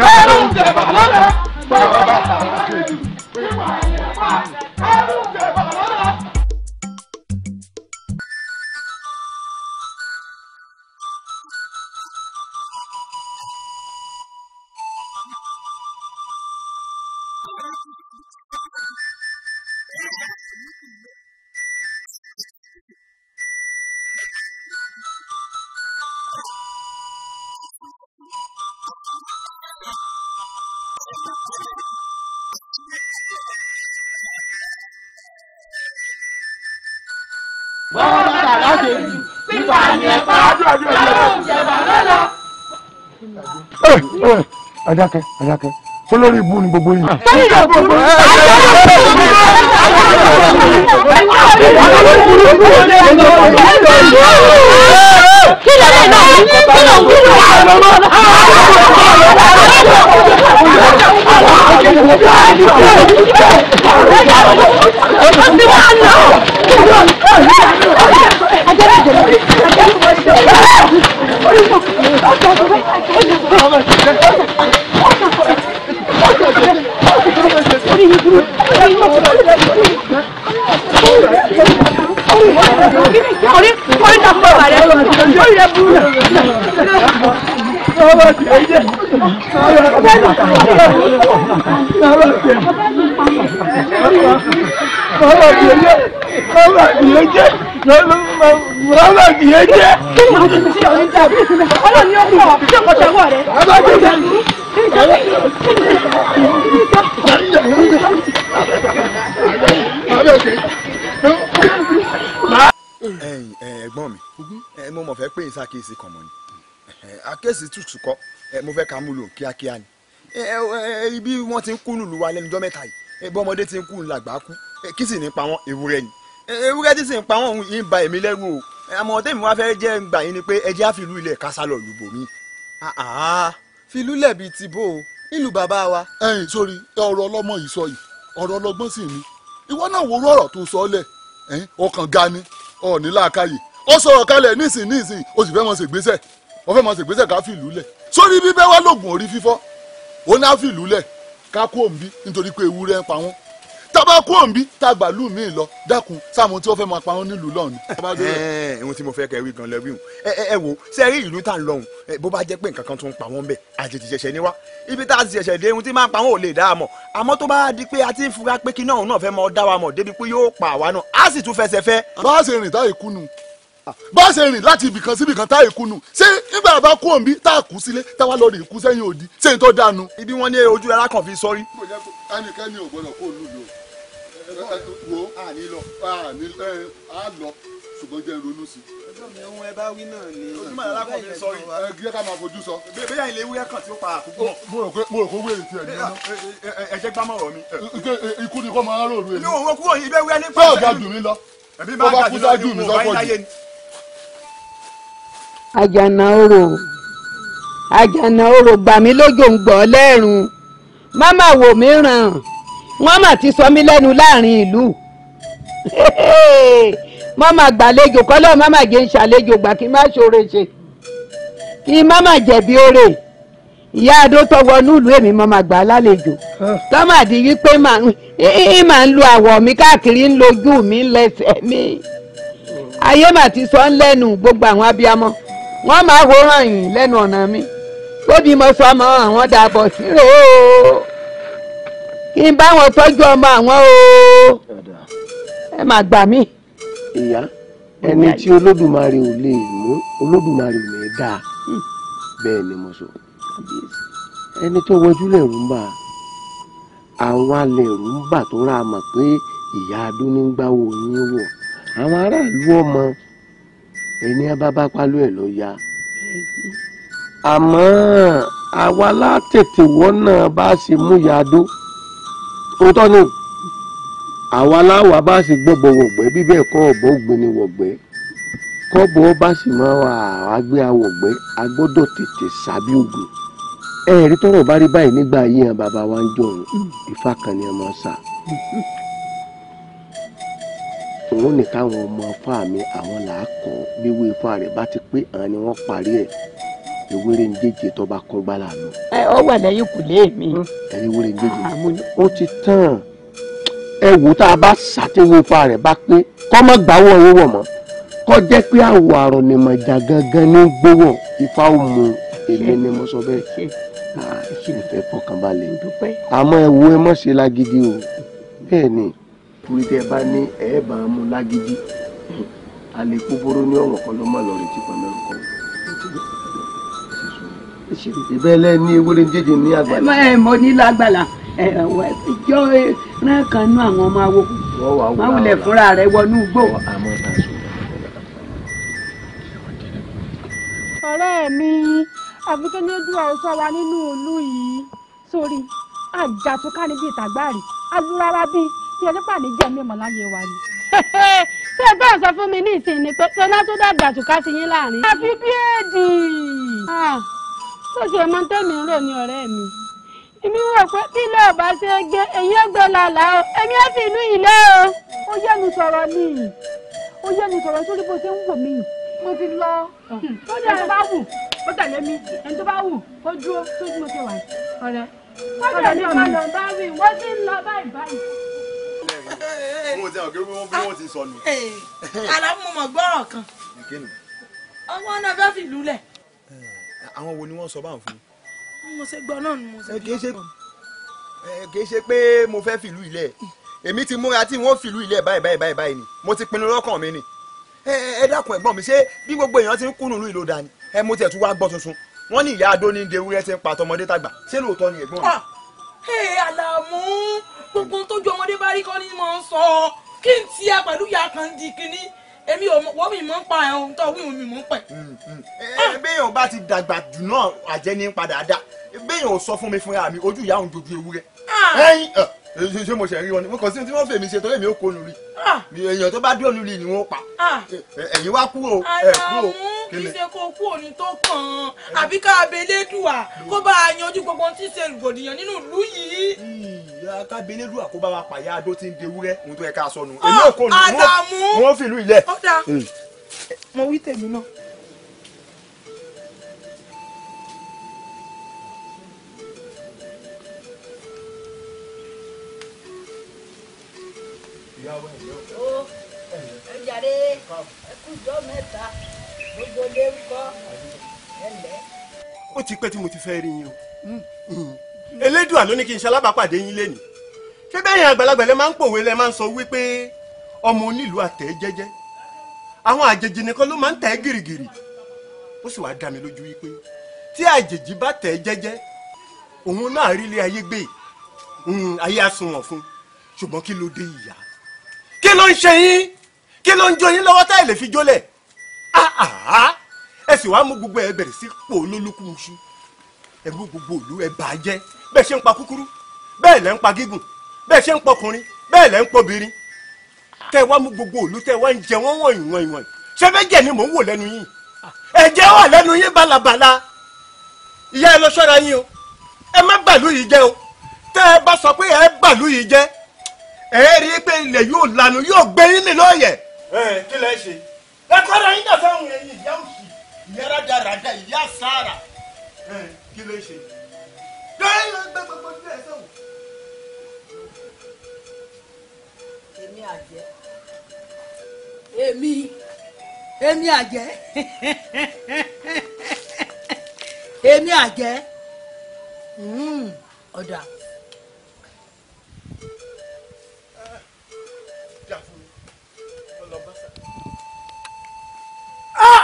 kálóńjẹ balọ́lá. bọ́wọ́ bàtà adákẹ́ adákẹ́ sọlọ́rí ibú ni gbogbo yìí. kílẹ̀ lè náà yín kílọ̀ kílọ̀ àlọ́. Thank you. kọ́ni kọ́ni ta fún bàbá rẹ̀ kọ́ni rẹ̀ burú rẹ̀. Bàbá kì í jẹ́. Kí ni mo ti fi sí ọ̀rẹ́ ìjà mi? Ọlọ́run ni ó pọ̀ ṣé kò ṣàwọ̀ rẹ̀? Bàbá kì í jẹ́. Bàbá kì í jẹ́. mo mọ̀ fẹ́ pé yín ṣàkíyèsí kan mọ̀ ni àkíyèsí tútù kọ́ mo fẹ́ ká mú lò kíákíá ni ibi wọ́n ti ń kú lùlù wa lẹ́nu jọ́mẹ́ta yìí bọ́mọdé ti ń kú làgbà kú kí sì ní pa wọ́n ewúrẹ́ ni ewúrẹ́ tí sì ń pa wọ́n yìí ń ba èmi lẹ́rù o àmọ́ tèmi wá fẹ́ jẹ́ gbà yín ni pé ẹ jẹ́ àfìlú ilẹ̀ kásálọ̀ lùbò mi. fìlú lẹ̀bi ti bò ó nílùú wa. ẹyin sórí ọ̀rọ̀ ọlọ́mọ yìí sọ yìí ọ̀rọ̀ ọlọ́gbọ́n sì ni ìwọ náà wo ọ̀rọ̀ tó sọ ọ lẹ ọkàn ga ni ọ ní làákàyè ó sọ̀rọ̀ kalẹ̀ nísìn nísìn o sì fẹ́ mọ̀ ṣègbésẹ̀ o fẹ́ mọ̀ ṣègbésẹ̀ ká fìlú lẹ̀ sórí bíbẹ́ wá lògùn orí fífọ́ ó ná fìlú lẹ̀ ká kú òǹbí nítorí pé ewúrẹ́ ń pa wọ́n tábà kú òǹbí tá gbàlú mi lọ dákun sáàmù tí wọ́n fẹ́ máa pa wọ́n nílùú lọ́hùn. ẹ ẹ ohun tí mo fẹ́ kẹ́ wí gan lẹ́wí o ẹ wo ṣe rí ìlú tá a lọ́hùn bó bá jẹ́ pé nǹkan kan tó ń pa wọ́n bẹ̀ àjèjì ṣẹ̀ṣẹ̀ ni wá ibi tá a ti ṣẹ̀ṣẹ̀ dé ohun tí máa pa wọ́n ò lè dá a mọ̀ àmọ́ tó bá di pé a ti ń fura pé kí náà òun náà fẹ́ mọ dá wa mọ̀ débi pé yóò pa àwa náà á sì tún fẹsẹ̀ fẹ́. bá a ṣe rìn táyì kúnnu bá a ṣe rìn láti ibìkan sí ibìkan tá a kú nu ṣé nígbà bá kú òǹbí tá a kú sílé tá a wá lọ rè kú sẹ́yìn òdi ṣé n tó dánu. ibi wọn ní ojú ara kan fi sọrí. ẹnikẹ́ni ò gbọ́dọ̀ kó lù yìí o wo a ní lọ a lọ ṣùgbọ́n jẹ́ ronú sí. ọjọ́ mi ohun ẹ bá wí náà ni. ojú màdàlá kò fi sọ yìí. ẹ jẹ́ ká máa fojú sọ. bẹ́ẹ̀ yà ilé ewúrẹ́ kan tí ó pa àkókò. mo rò kó wéèrè tiẹ̀ ní ọ̀nà. ẹ jẹ́ gbámọ̀ ọ̀rọ̀ mi. ikú ni kó máa ń rò lóye. mi ò wọ́n kúrò yìí bẹ́ẹ̀ wíwá nípa. bẹ́ẹ̀ ọ̀gá dùn mí lọ. ẹ̀mí máa ń gàdúrà ní owó báyìí láyé ni. àjànà àjànàorò gbà mí lójó ń gbọ́ lẹ́rùn màmá wò mí ràn wọ́n mà ti sọ mí lẹ́nu láàrin ìlú màmá gbàlejò kọ́lọ́ jẹ́ ń ṣàlejò gbà kí n má ṣoore ṣe kí màmá jẹ̀bi oore ìyá adó èmi gbà lálejò tọ́màdì wípé màá ń lo àwọ̀ mi káàkiri ń lojú wọ́n máa wòran yìí lẹ́nu ọ̀nà mi tóbi mo sọ ọmọ àwọn dàbọ̀ sí o kí n bá wọn tọ́jú ọmọ àwọn o ẹ máa gbà mí. ìyá ẹni tí olódùmarè ò lè mú olódùmarè ò lè dáa hmm. bẹ́ẹ̀ ni mo sọ ẹni tó wọjú lẹ̀rú ń bà àwọn alẹ̀rú ń bà tó ra mọ̀ pé ìyá adó ní gbáwo yín wọ̀ àwọn aráàlú ọmọ ẹni ẹ bá bá pálú ẹ lọ ya àmọ́ àwa látètè wọ́nà bá ṣe mú yadó òótọ́ ni àwa láwa bá ṣe gbọ́bọ̀ wọ̀gbẹ́ bí bẹ́ẹ̀ kọ́ ọ̀bọ̀ ògbéni wọ̀gbẹ́ kọ́bọ̀ bá sì máa wà àgbẹ̀ awọ̀gbẹ́ a tètè sábí ògùn ẹ̀ẹ́dì tọrọ bá rí báyìí nígbà yíyan bàbá wa ń jọ̀rọ̀ mm. Ifá kan ni òun ní káwọn ọmọ Ifá mi àwọn là á kọ́ bí ewé Ifá rẹ̀ bá ti pé àwọn ni wọ́n parí ẹ̀ ewúrẹ́ ndéje tó bá kún gbálà lọ. ẹ ọ wà lẹ́yìn kùlé mi. ẹyin ewúrẹ́ ndéje ó ti tán ẹ wò tá a bá ṣàtẹwò Ifá rẹ̀ bá pé kọ́ mọ́ gbáwọ́ owó wọ̀ mọ́ kọ́ jẹ́ pé àwọ̀ àrùn ni mọ̀jà gangan ní gbówọ̀ Ifá ò mú èmi ni mo sọ bẹ́ẹ̀ ìfẹ́ ah, fọkànbalẹ̀ àmọ́ ẹ wo ẹ mọ̀ ṣe lágídí o bẹ́ẹ̀ ni torí tẹ́ ẹ bá ní ẹ̀ẹ́bà mú lágídí alẹ́ kúburú ní ọ̀wọ̀n kan ló má lọ retí pamẹ́rù kan. ìbẹ́ lẹ́ ní ewúrẹ́ jẹ́jẹ́ ní àgbàlá. ẹ mọ ní lágbàlá ìjọ rán kan nú àwọn ọmọ awo máa wulẹ̀ fúnra rẹ̀ wọnú igbó. ọ̀rẹ́ mi àfikúnlẹ́dùn ọ̀sọ́ wa nínú ìlú yìí sórí àjàtúkánibí ìtàgbárí alúrárá bíi tí onípa jẹ́ mímọ̀ láyé wa ni. ṣé bá sọ fún mi ní ìsìn ni pé ṣọlá tó dàgbà tùká sí yín láàrin. àfi bí èdè tó ṣe mọ tẹ́mi ń rò ní ọ̀rẹ́ mi. èmi wò pé bí ilé ọba ṣe gbé èyí ọgbẹ́ làlá o èmi á fi ìlú yìí o. ó yé mi sọ̀rọ̀ ni ó yé mi sọ̀rọ̀ sórí bó ṣe ń wò mí mo ti lọ. ó ní ẹni tó bá wù ó tẹ̀lé mi ẹni tó bá wù ó dúró tó dúró ṣe wà ọ̀rẹ́. ó mi ká lọ wọn ti àgbẹ̀ eh, kan ọwọ́ náà fẹ́ fi lulẹ̀. Eh, àwọn wo ni wọ́n sọ báwọn fún mi. mo ṣe gbọ́ náà ni mo ṣe gbọ́ eh, náà. kì ṣe pé mo fẹ́ fìlú ilẹ̀ èmi ti múra tí wọ́n fìlú ilẹ̀ báyìí báyìí báyìí báyìí ni mo ti pinnu lọ́kàn mi ni ẹ dákun ẹ̀gbọ́n mi ṣé bí gbogbo èèyàn ti ń kúnnù ìlú ìlòdà ni ẹ mo tiẹ̀ tún wá gbọ́ tuntun wọ́n ní ìyá adó ní dewúrẹ́ ti ń pa tọmọdé tàgbà ṣé lóòótọ́ ni ẹ̀gbọ́n mi. ẹ ah, alamu gbogbo tójú ọmọdé bá rí kọ́ ni mo sọ ọ kí n ti ẹ pẹ̀lú ìyá kan di kinní èmi ò wọ́n mi mọ̀ ń pa ẹ̀hún tó wíwọ̀n mi mọ̀ ń pẹ̀. Mm, mm. Eh, eh, béèyàn bá ti dàgbà jù náà àjẹ́ ní padà dá béèyàn sọ fún mi fúnra mi ojú ìyá òun dojú ewúrẹ́. Ah ṣé mo ṣe rí wọn ni mo kàn sí tí wọ́n fèmí ṣe torí èmi ò kó nulí ah! èèyàn tó bá dùn nulí ni wọ́n pa ah! ẹ̀yin wá kú o ẹ kú o kíni. ìṣe kò kú òní tó kàn án àbí ká abelédùà kó bá a yanjú gbogbo tí ń ṣe rògbòdìyàn nínú ìlú yìí. ká abelédùà kó bá wa pàyà adó tí ń de wúrẹ́ ohun tó yẹ ká sọnù ah! èmi ò kó nulí wọ́n fi ìlú ilẹ̀. Hmm. mo wí tèmi náà. ó ẹjàre ẹkùjọ mẹ́ta gbogbo lórúkọ ẹlẹ. ó ti pẹ́ tí mo ti fẹ́ rí yín o hmm. Hmm. elédùà ló ní kí n ṣe alábàápàdé yín lẹ́nu ṣé bẹ́ẹ̀ yẹn àgbàlagbà lẹ máa ń pòwe lẹ máa ń sọ wípé ọmọ onílù àtẹ̀ jẹ́jẹ́ àwọn àjèjì nìkan ló máa ń tẹ̀ gìrìgìrì ó sì wáá dá mi lójú wípé tí àjèjì bá tẹ̀ jẹ́jẹ́ òun náà rí ilé ayé gbé hmm, ayé àsùnwọ̀n fún ṣùgbọ́n kí ló dé ìyá ló ń ṣe yín kí ló ń jó yín lọ́wọ́ tá ẹ̀ lè fi jólẹ̀ ah, ah, ah. ẹ sì wá mú gbogbo ẹ bẹ̀rẹ̀ sí pò lólúkúmuṣu ẹ mú gbogbo òlu ẹ bà á jẹ́ bẹ́ẹ̀ ṣe ń pa kúkúrú bẹ́ẹ̀ lẹ́ ń pa gígùn bẹ́ẹ̀ ṣe ń pọkùnrin bẹ́ẹ̀ lẹ́ ń pọbìnrin tẹ́ ẹ wá mú gbogbo òlu tẹ́ ẹ wá ń jẹ wọ́n wọ̀nyí wọ̀nyí wọ̀nyí ṣé méjì ni mò ń wò lẹ́nu yín ẹ̀jẹ̀ wà lẹ́nu yín bálabàla ìyá ẹ lọ ṣọ́ra yín o ẹ má bàlú yìí jẹ́ o tẹ́ ẹ bá sọ pé ẹ bàlú yìí jẹ́ ẹ rí i pé ilẹ̀ yóò lanu yóò gbé yín nílò ọ̀yẹ̀. ẹ kí lẹ ṣe. ẹ kọ́ra yín dà sáwọn ẹyin ìyá òsì ìyá rájà rájà ìyá sára. ẹ kí lẹ ṣe. dẹ́yìn ló ń gbé gbogbo ní ẹ̀ sọ̀rọ̀. èmi àjẹ́ èmi èmi àjẹ́ èmi àjẹ́ hmm, ọ̀dà. Mm. Ah!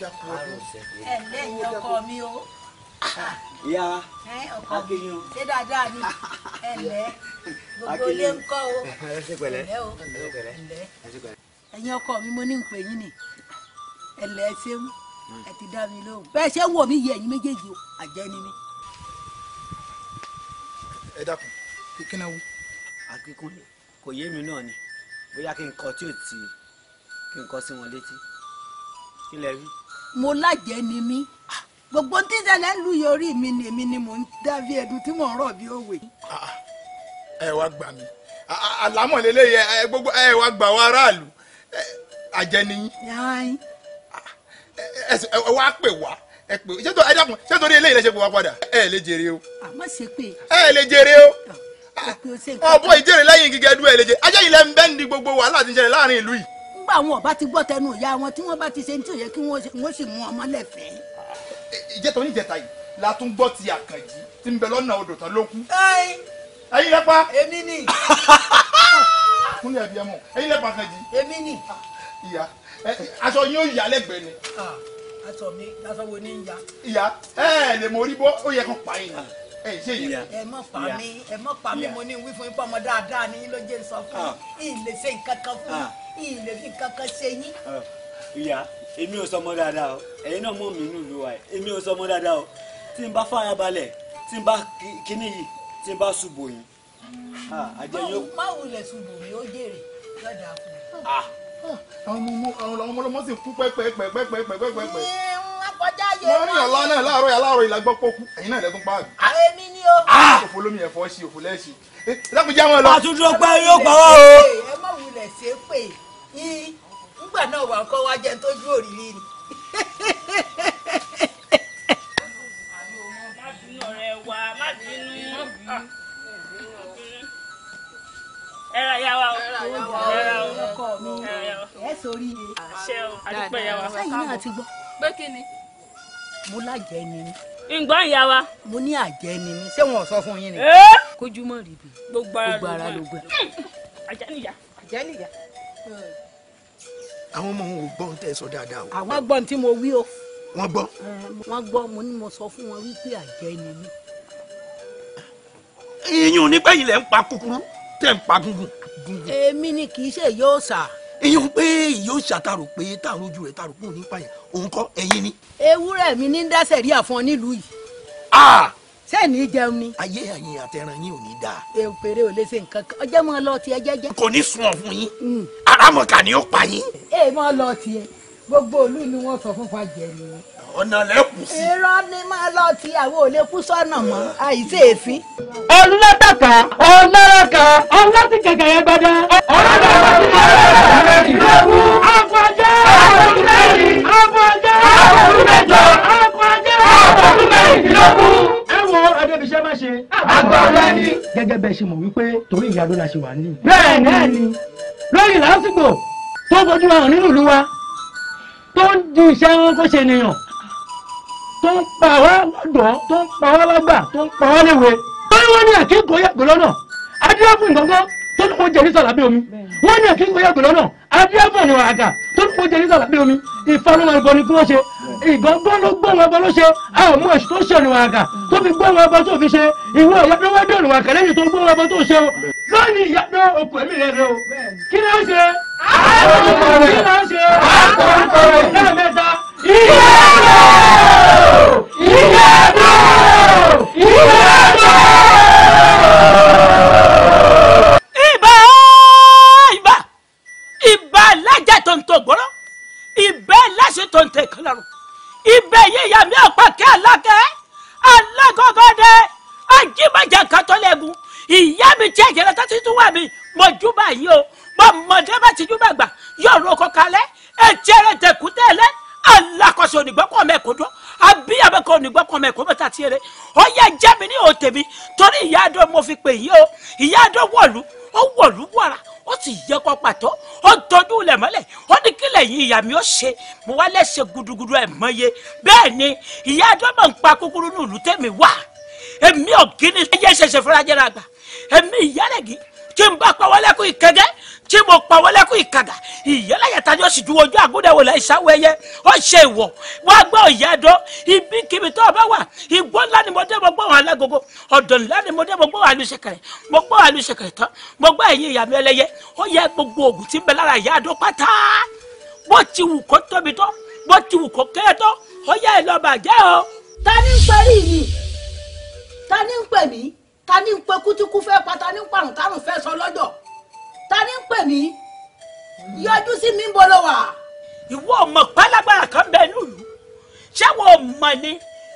ẹ lẹ́yìn ọkọ mi o ìyá akéyìn o ṣé dáadáa ni ẹ lẹ́ gbogbo ilé ń kọ́ o ẹ ṣe pẹ̀lẹ́ ẹ ṣe pẹ̀lẹ́. ẹ̀yin ọkọ mi mo ní ń pè yín ni ẹ lẹ́ ẹ ṣeun hmm. ẹ ti dá mi lóhùn bẹ́ẹ̀ ṣé wò mí yẹ ẹ̀yin méjèèjì o àjẹ́ ni mí. ẹ dákun kí náà wú. akíkún kò yé mi náà ni bóyá kí n kọ tí ò tì kí n kọ sí wọn létí kí lẹ rí. mo lájẹ́ ni mí gbogbo tí ṣẹlẹ̀ ń lu yorí mi ni èmi ni mò ń dábí ẹdun tí mò ń bí ẹ wá gbà mí àlámọ̀ lélẹ́yẹ ẹ gbogbo ẹ wá gbà wá aráàlú àjẹniyín ẹ wá pè wá ẹ pè ṣé tó ẹ dákun ṣé torí eléyìí ṣe pè wá padà ẹ lè jèrè o. àmọ́ ṣe pé. ẹ o ọ̀bọ ìjèrè lẹ́yìn gígẹ́dú ẹ lè gbogbo wàhálà ń ṣẹlẹ̀ láàrin ìlú nígbà wọn ọba ti gbọ́ tẹnu ìyá wọn tí wọ́n bá ti ṣe ní tí ò yẹ kí wọ́n sì mú ọmọ lẹ́fẹ̀ẹ́. ìjẹta oníjẹta yìí la tún gbọ́ ti àkànjì tí ń bẹ lọ́nà odò tán ló kú. ẹyin lẹ́pa. èmi ni. kúnlẹ̀ abiyamọ ẹyin lẹ́pa àkànjì. èmi ni. ìyá aṣọ yín ó yà lẹ́gbẹ̀ẹ́ ni. Ah, aṣọ mi aṣọ wo ni ń ya. ìyá ẹ ẹ lè mọ orí bọ́ ó yẹ kó pa yín ẹ mọ pa mí ẹ mọ pa mí mo ní wí fún yín pé ọmọ dáadáa ni yín ló jẹ́ sọ fún yín ìyìn ah. lè ṣe nǹkan kan fún ah. yín ìyìn lè fi nǹkan kan ṣe yín. Ah. ìyá èmi ò sọmọ dáadáa o ẹ̀yin náà mọ̀ mí nínú ìlú wa èmi ò sọmọ dáadáa o tí n bá fara balẹ̀ tí n bá kíní yìí tí n bá ṣubò yín. máwo lè ṣubò mi ó jèrè lọ́dà fún mi. àwọn ọmọ ọmọ sì kú pẹ́pẹ́pẹ́pẹ́pẹ́pẹ́pẹ́ kọjá yé wọn. mọ́rin ọ̀la náà láàárọ̀ yà láàárọ̀ ìlà gbọ́ pọ́kú ẹ̀yin náà lẹ́tún páàgì. àwọn èmi ni o. Ah! òfò lómi ẹ̀fọ́ sí òfò lẹ́sìn. Eh, dákun já wọn lọ. àtúntò pé yóò pa wá o. ẹ má wulẹ̀ ṣe é pè é nígbà náà wà kọ́ wá jẹun tójú òrìrì ni. ẹ̀rọ ya wa o ẹ̀rọ ọkọ mi ẹ̀ sórí àṣẹ o àdúpẹ́ ya wa. sẹ́yìn náà ti gbọ́. pé kí ni mo lájẹ ni mí. ǹgbọ́ ìyá wa. mo ní àjẹ ni mí ṣé wọn ò sọ fún yín ni. kójú mọ̀ rí bi gbogbo ara ló gbẹ. àjẹ́ nìyà. àjẹ́ nìyà. àwọn ọmọ òun ò gbọ́n sọ dáadáa o. àwọn gbọ́n tí mo wí o. wọ́n gbọ́. wọ́n gbọ́ mo ní mo sọ fún wọn wípé àjẹ́ ni mí. iyún nígbà yìí lẹ ń pa kúkúrú tẹ̀ ń pa gúngùn. èmi ni kì í ṣe yóò sà èyàn pé yóò ṣàtàrò pé táàrọ̀ ojú rẹ̀ táàrọ̀ kùn nípa yẹn òun kọ́ ẹ̀yin ni. ewúrẹ́ mi ní dẹ́sẹ̀ rí àfọn nílùú yìí. a. sẹ́ẹ̀ni jẹun ni. ayé àyìn àtẹran yín ò ní dáa. èpèrè ò lè ṣe nǹkan kan ọjọ́ mọ́ lọ tiẹ̀ jẹ́jẹ́. kò ní sun ọ̀fun yín hmm. arámọ̀kà ni ó pa yín. èèmọ̀ lọ tiẹ̀ gbogbo òlú ni wọ́n sọ fún fàjẹ́ ni ọ̀nà lẹ́kùn sí. irọ́ ni máa lọ ti àwọn òlé kú sọ́nà mọ́ àìsí èéfín. olùlọ́tàkà ọlọ́rọ̀kà ọlọ́tì kẹ̀kẹ́ yẹn gbọ́dọ̀. ọlọ́dọ̀ ọlọ́tì kẹ̀kẹ́ yẹn gbọ́dọ̀. àfọ̀jẹ́ àfọ̀jẹ́ àfọ̀jẹ́ àfọ̀jẹ́ àfọ̀jẹ́ àfọ̀jẹ́ ẹwọ adébíṣẹ́ má ṣe. àgbà ọ̀la ni. gẹ́gẹ́ bẹ́ẹ̀ ṣe mọ̀ wípé torí ìyá ló la ṣe wà nílùú. bẹ́ẹ̀ náà ni lórí lásìkò tó fojú hàn nínú ìlú wa tó ń di iṣẹ́ wọn kó ṣe nìyàn tó ń pa wá lọ́dọ̀ tó ń pa wá lágbà tó ń pa wá léwe báyìí wọ́n ní àkínkò yàgbé lọ́nà adíáfún ìgbàgbọ́ tó ń kó jẹ̀rí sàlábẹ́ omi wọ́n ní àkínkò yàgbé lọ́nà adíáfún ìwà àgà tó ń kó jẹ̀rí sàlábẹ́ omi ìfanumọ̀ ìbọn ni kí wọ́n ṣe ìgbàgbọ́ ló gbọ́ wọn ẹbọ ló ṣe àmú èṣù tó ṣe ìwà àgà tó fi gbọ́ wọn ẹbọ tó fi ṣe ìwọ ìyàdọ́wọ́dọ́ ìwà àkàlẹ́yìn tó gbọ́ wọn ẹbọ tó ṣe o lónìí ìyàdọ́ òkú ẹ̀mí rẹ̀ rẹ̀ o kí ni wọ́n ṣe. àwọn ọmọ Ìjẹ̀bú! Ìjẹ̀bú! Ìjẹ̀bú! Ìbà ìbà ìbà alájà tó ń tògbọ́rọ́ ìbà aláṣẹ tó ń tẹ̀ kọ́lọ́rùn ìbà mi ọ̀pàkẹ́ alákẹ́ alágọ́gọ́dẹ ajímọ̀jà kátólẹ́gùn ìyá mi tí ẹ̀jẹ̀ lọ́tọ́ ti tún wà mí mọ̀júbà yìí o mọ̀mọ́dé bá ti júbà gbà yọ̀ọ̀rọ̀ kọ kalẹ̀ ẹ̀jẹ̀ rẹ̀ tẹ̀kú tẹ̀lẹ́ alakọsẹ onigbọkọ mẹ kó dọ abi abẹkọ onigbọkọ mẹ kó bẹta tiẹ dẹ ọyẹ jẹmi ní òtẹ mi torí ìyá àdó mo fi pè yí o ìyá àdó wọlú o wọlú wàrà o sì yẹ kọ pàtó ó tọjú ilẹ̀ mọ́lẹ̀ o ní kílẹ̀ yìí ìyá mi se ṣe mo wá lẹ́sẹ̀ gudugudu ẹ̀ mọ́ye bẹ́ẹ̀ ni ìyá àdó mọ̀ ń pa kúkúrú ní ìlú tẹ̀mí wá èmi ọ̀gíní ẹ̀yẹ ṣẹ̀ṣẹ̀ fúnra jẹ́ra àgbà èmi ìyá rẹ̀ gí tí n bá pa wọ́n lẹ́kùn ìkẹ́gẹ́ tí mo pa wọ́n lẹ́kùn ìkàgà ìyálàyàtà ni ó sì dúró ojú àgúndẹ̀wò láì sáwọ́ ẹyẹ ó ṣe ìwọ̀ wá gbọ́ ìyá ibi kìbi tó o bá wà igbó ńlá ni mo dé mo gbọ́ wọn alágogo ọ̀dọ̀ ńlá ni mo dé mo gbọ́ wọn àlùsẹ̀kẹ̀rẹ̀ mo gbọ́ wọn àlùsẹ̀kẹ̀rẹ̀ tán mo gbọ́ ẹ̀yìn ìyá mi ẹlẹ́yẹ ó yẹ gbogbo òògùn tí ń bẹ lára ìyá dọ́ pátá bó ti wù kó tóbi tó bó ti wù kó kéré tó ó yẹ ìlọba jẹ́ o. ta ni ń parí mi ta ni ń pè mí ta ní ń pe kútíkú fẹ́ pa ta ní ń parùn tárùn fẹ́ sọ lọ́jọ́ ta ní ń pè mí yọjú sí mi ń bolo wà. ìwọ ọmọ pálágbára kan bẹ nílùú ṣé wọn ò mọ ni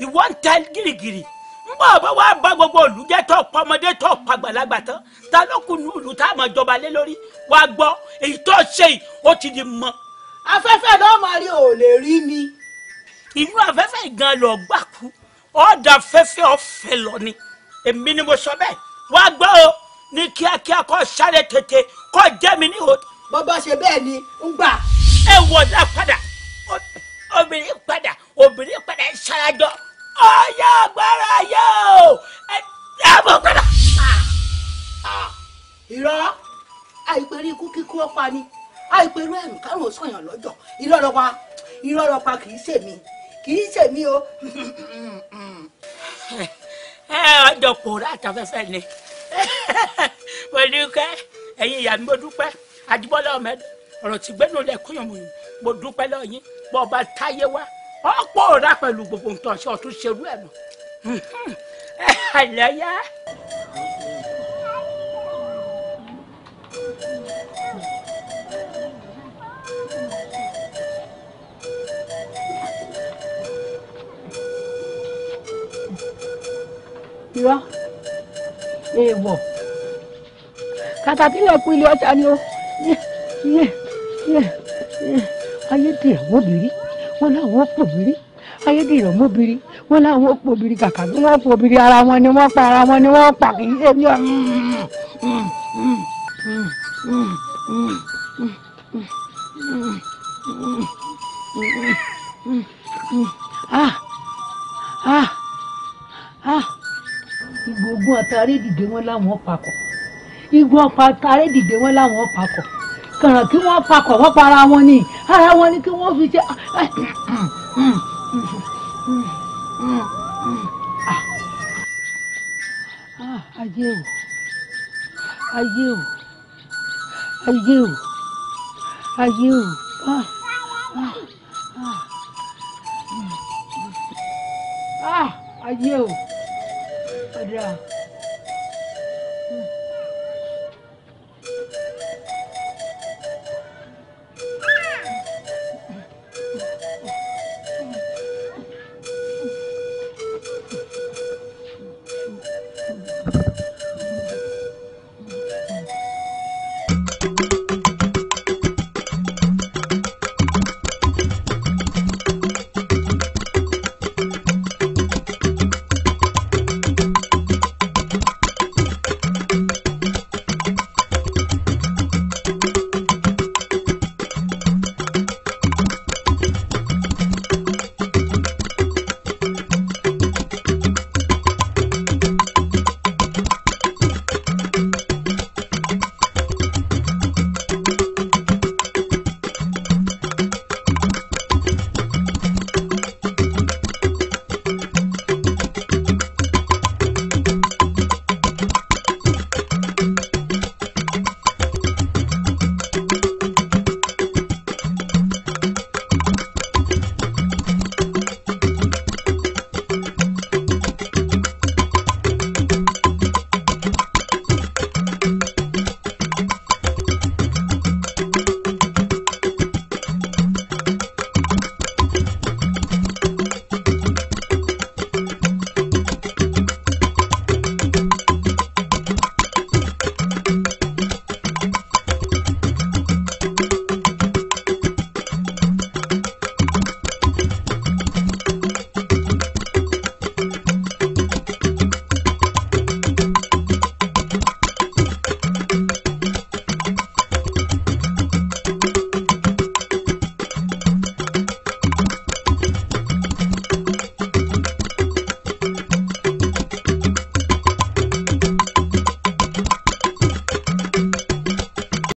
ìwọ ń tẹ gírígírí ń bọ̀ bá wàá bá gbogbo olùjẹ́ tó pọmọdé tó pàgbàlagbà tán ta ló kù nílùú tá a mọ̀ jọba lé lórí wàá gbọ́ èyí tó ṣe yìí ó ti di mọ́. afẹ́fẹ́ náà máa rí ò lè rí mi. inú afẹ́fẹ́ gan lọ gbàkú ọ̀dà afẹ́fẹ́ ọ̀fẹ́ lọ ni èmi ni mo sọ bẹ́ẹ̀ wá gbọ́ o ní kíákíá kó sáré tètè kó jẹ́ mi ní o. bọ́bá ṣe bẹ́ẹ̀ ni ń gbà. ẹ wọ̀dà padà obìnrin padà obìnrin padà ń ṣarajọ ọyọ agbára yọ ẹ dáàbò padà. irọ́ àìpẹ̀rẹ̀ ikú kíkú ọ̀pá ni àìpẹ̀rẹ̀ ẹ̀rù kárùn-ún sọ̀yàn lọ́jọ́ irọ́ lọ́pa irọ́ lọ́pa kì í ṣèmi kì í ṣèmi o. ẹ ọjọ́ pòórá àtàfẹ́fẹ́ ni mo ní kẹ́ ẹ̀yin ìyá mi mo dúpẹ́ àdìbọ́lá ọmọ ẹ̀dọ́ ọ̀rọ̀ tí gbẹ́nu lẹ̀ kúnyàn mọ̀ mo dúpẹ́ lọ́ọ́ yín bọ́ ọba táyé wá ọ́ pòórá pẹ̀lú gbogbo nǹkan ọ̀ṣẹ́ ọ̀tún ṣerú ẹ̀ mọ́ hmm, hmm. àlẹ́ yá. irọ́ èèwọ̀ kàtàkìlẹ̀ kú ilé ọjà ni ó ayédèrè mọ́bìrì wọn làwọn pòbìrì ayédèrè mọ́bìrì wọn làwọn pòbìrì kàkà bí wọ́n pòbìrì ara wọn ni wọ́n pa ara wọn ni wọ́n pa kì í ṣe bí ọ. ah ah ah igun àtàrí dìde wọn láwọn papọ̀ igun àtàrí dìde wọn láwọn papọ̀ kàràn kí wọ́n papọ̀ wọ́n para wọn ni ara wọn ni kí wọ́n fi jẹ́ ah, ayé o ayé o ayé o ayé o. Ah, ah, ah. ah 是啊。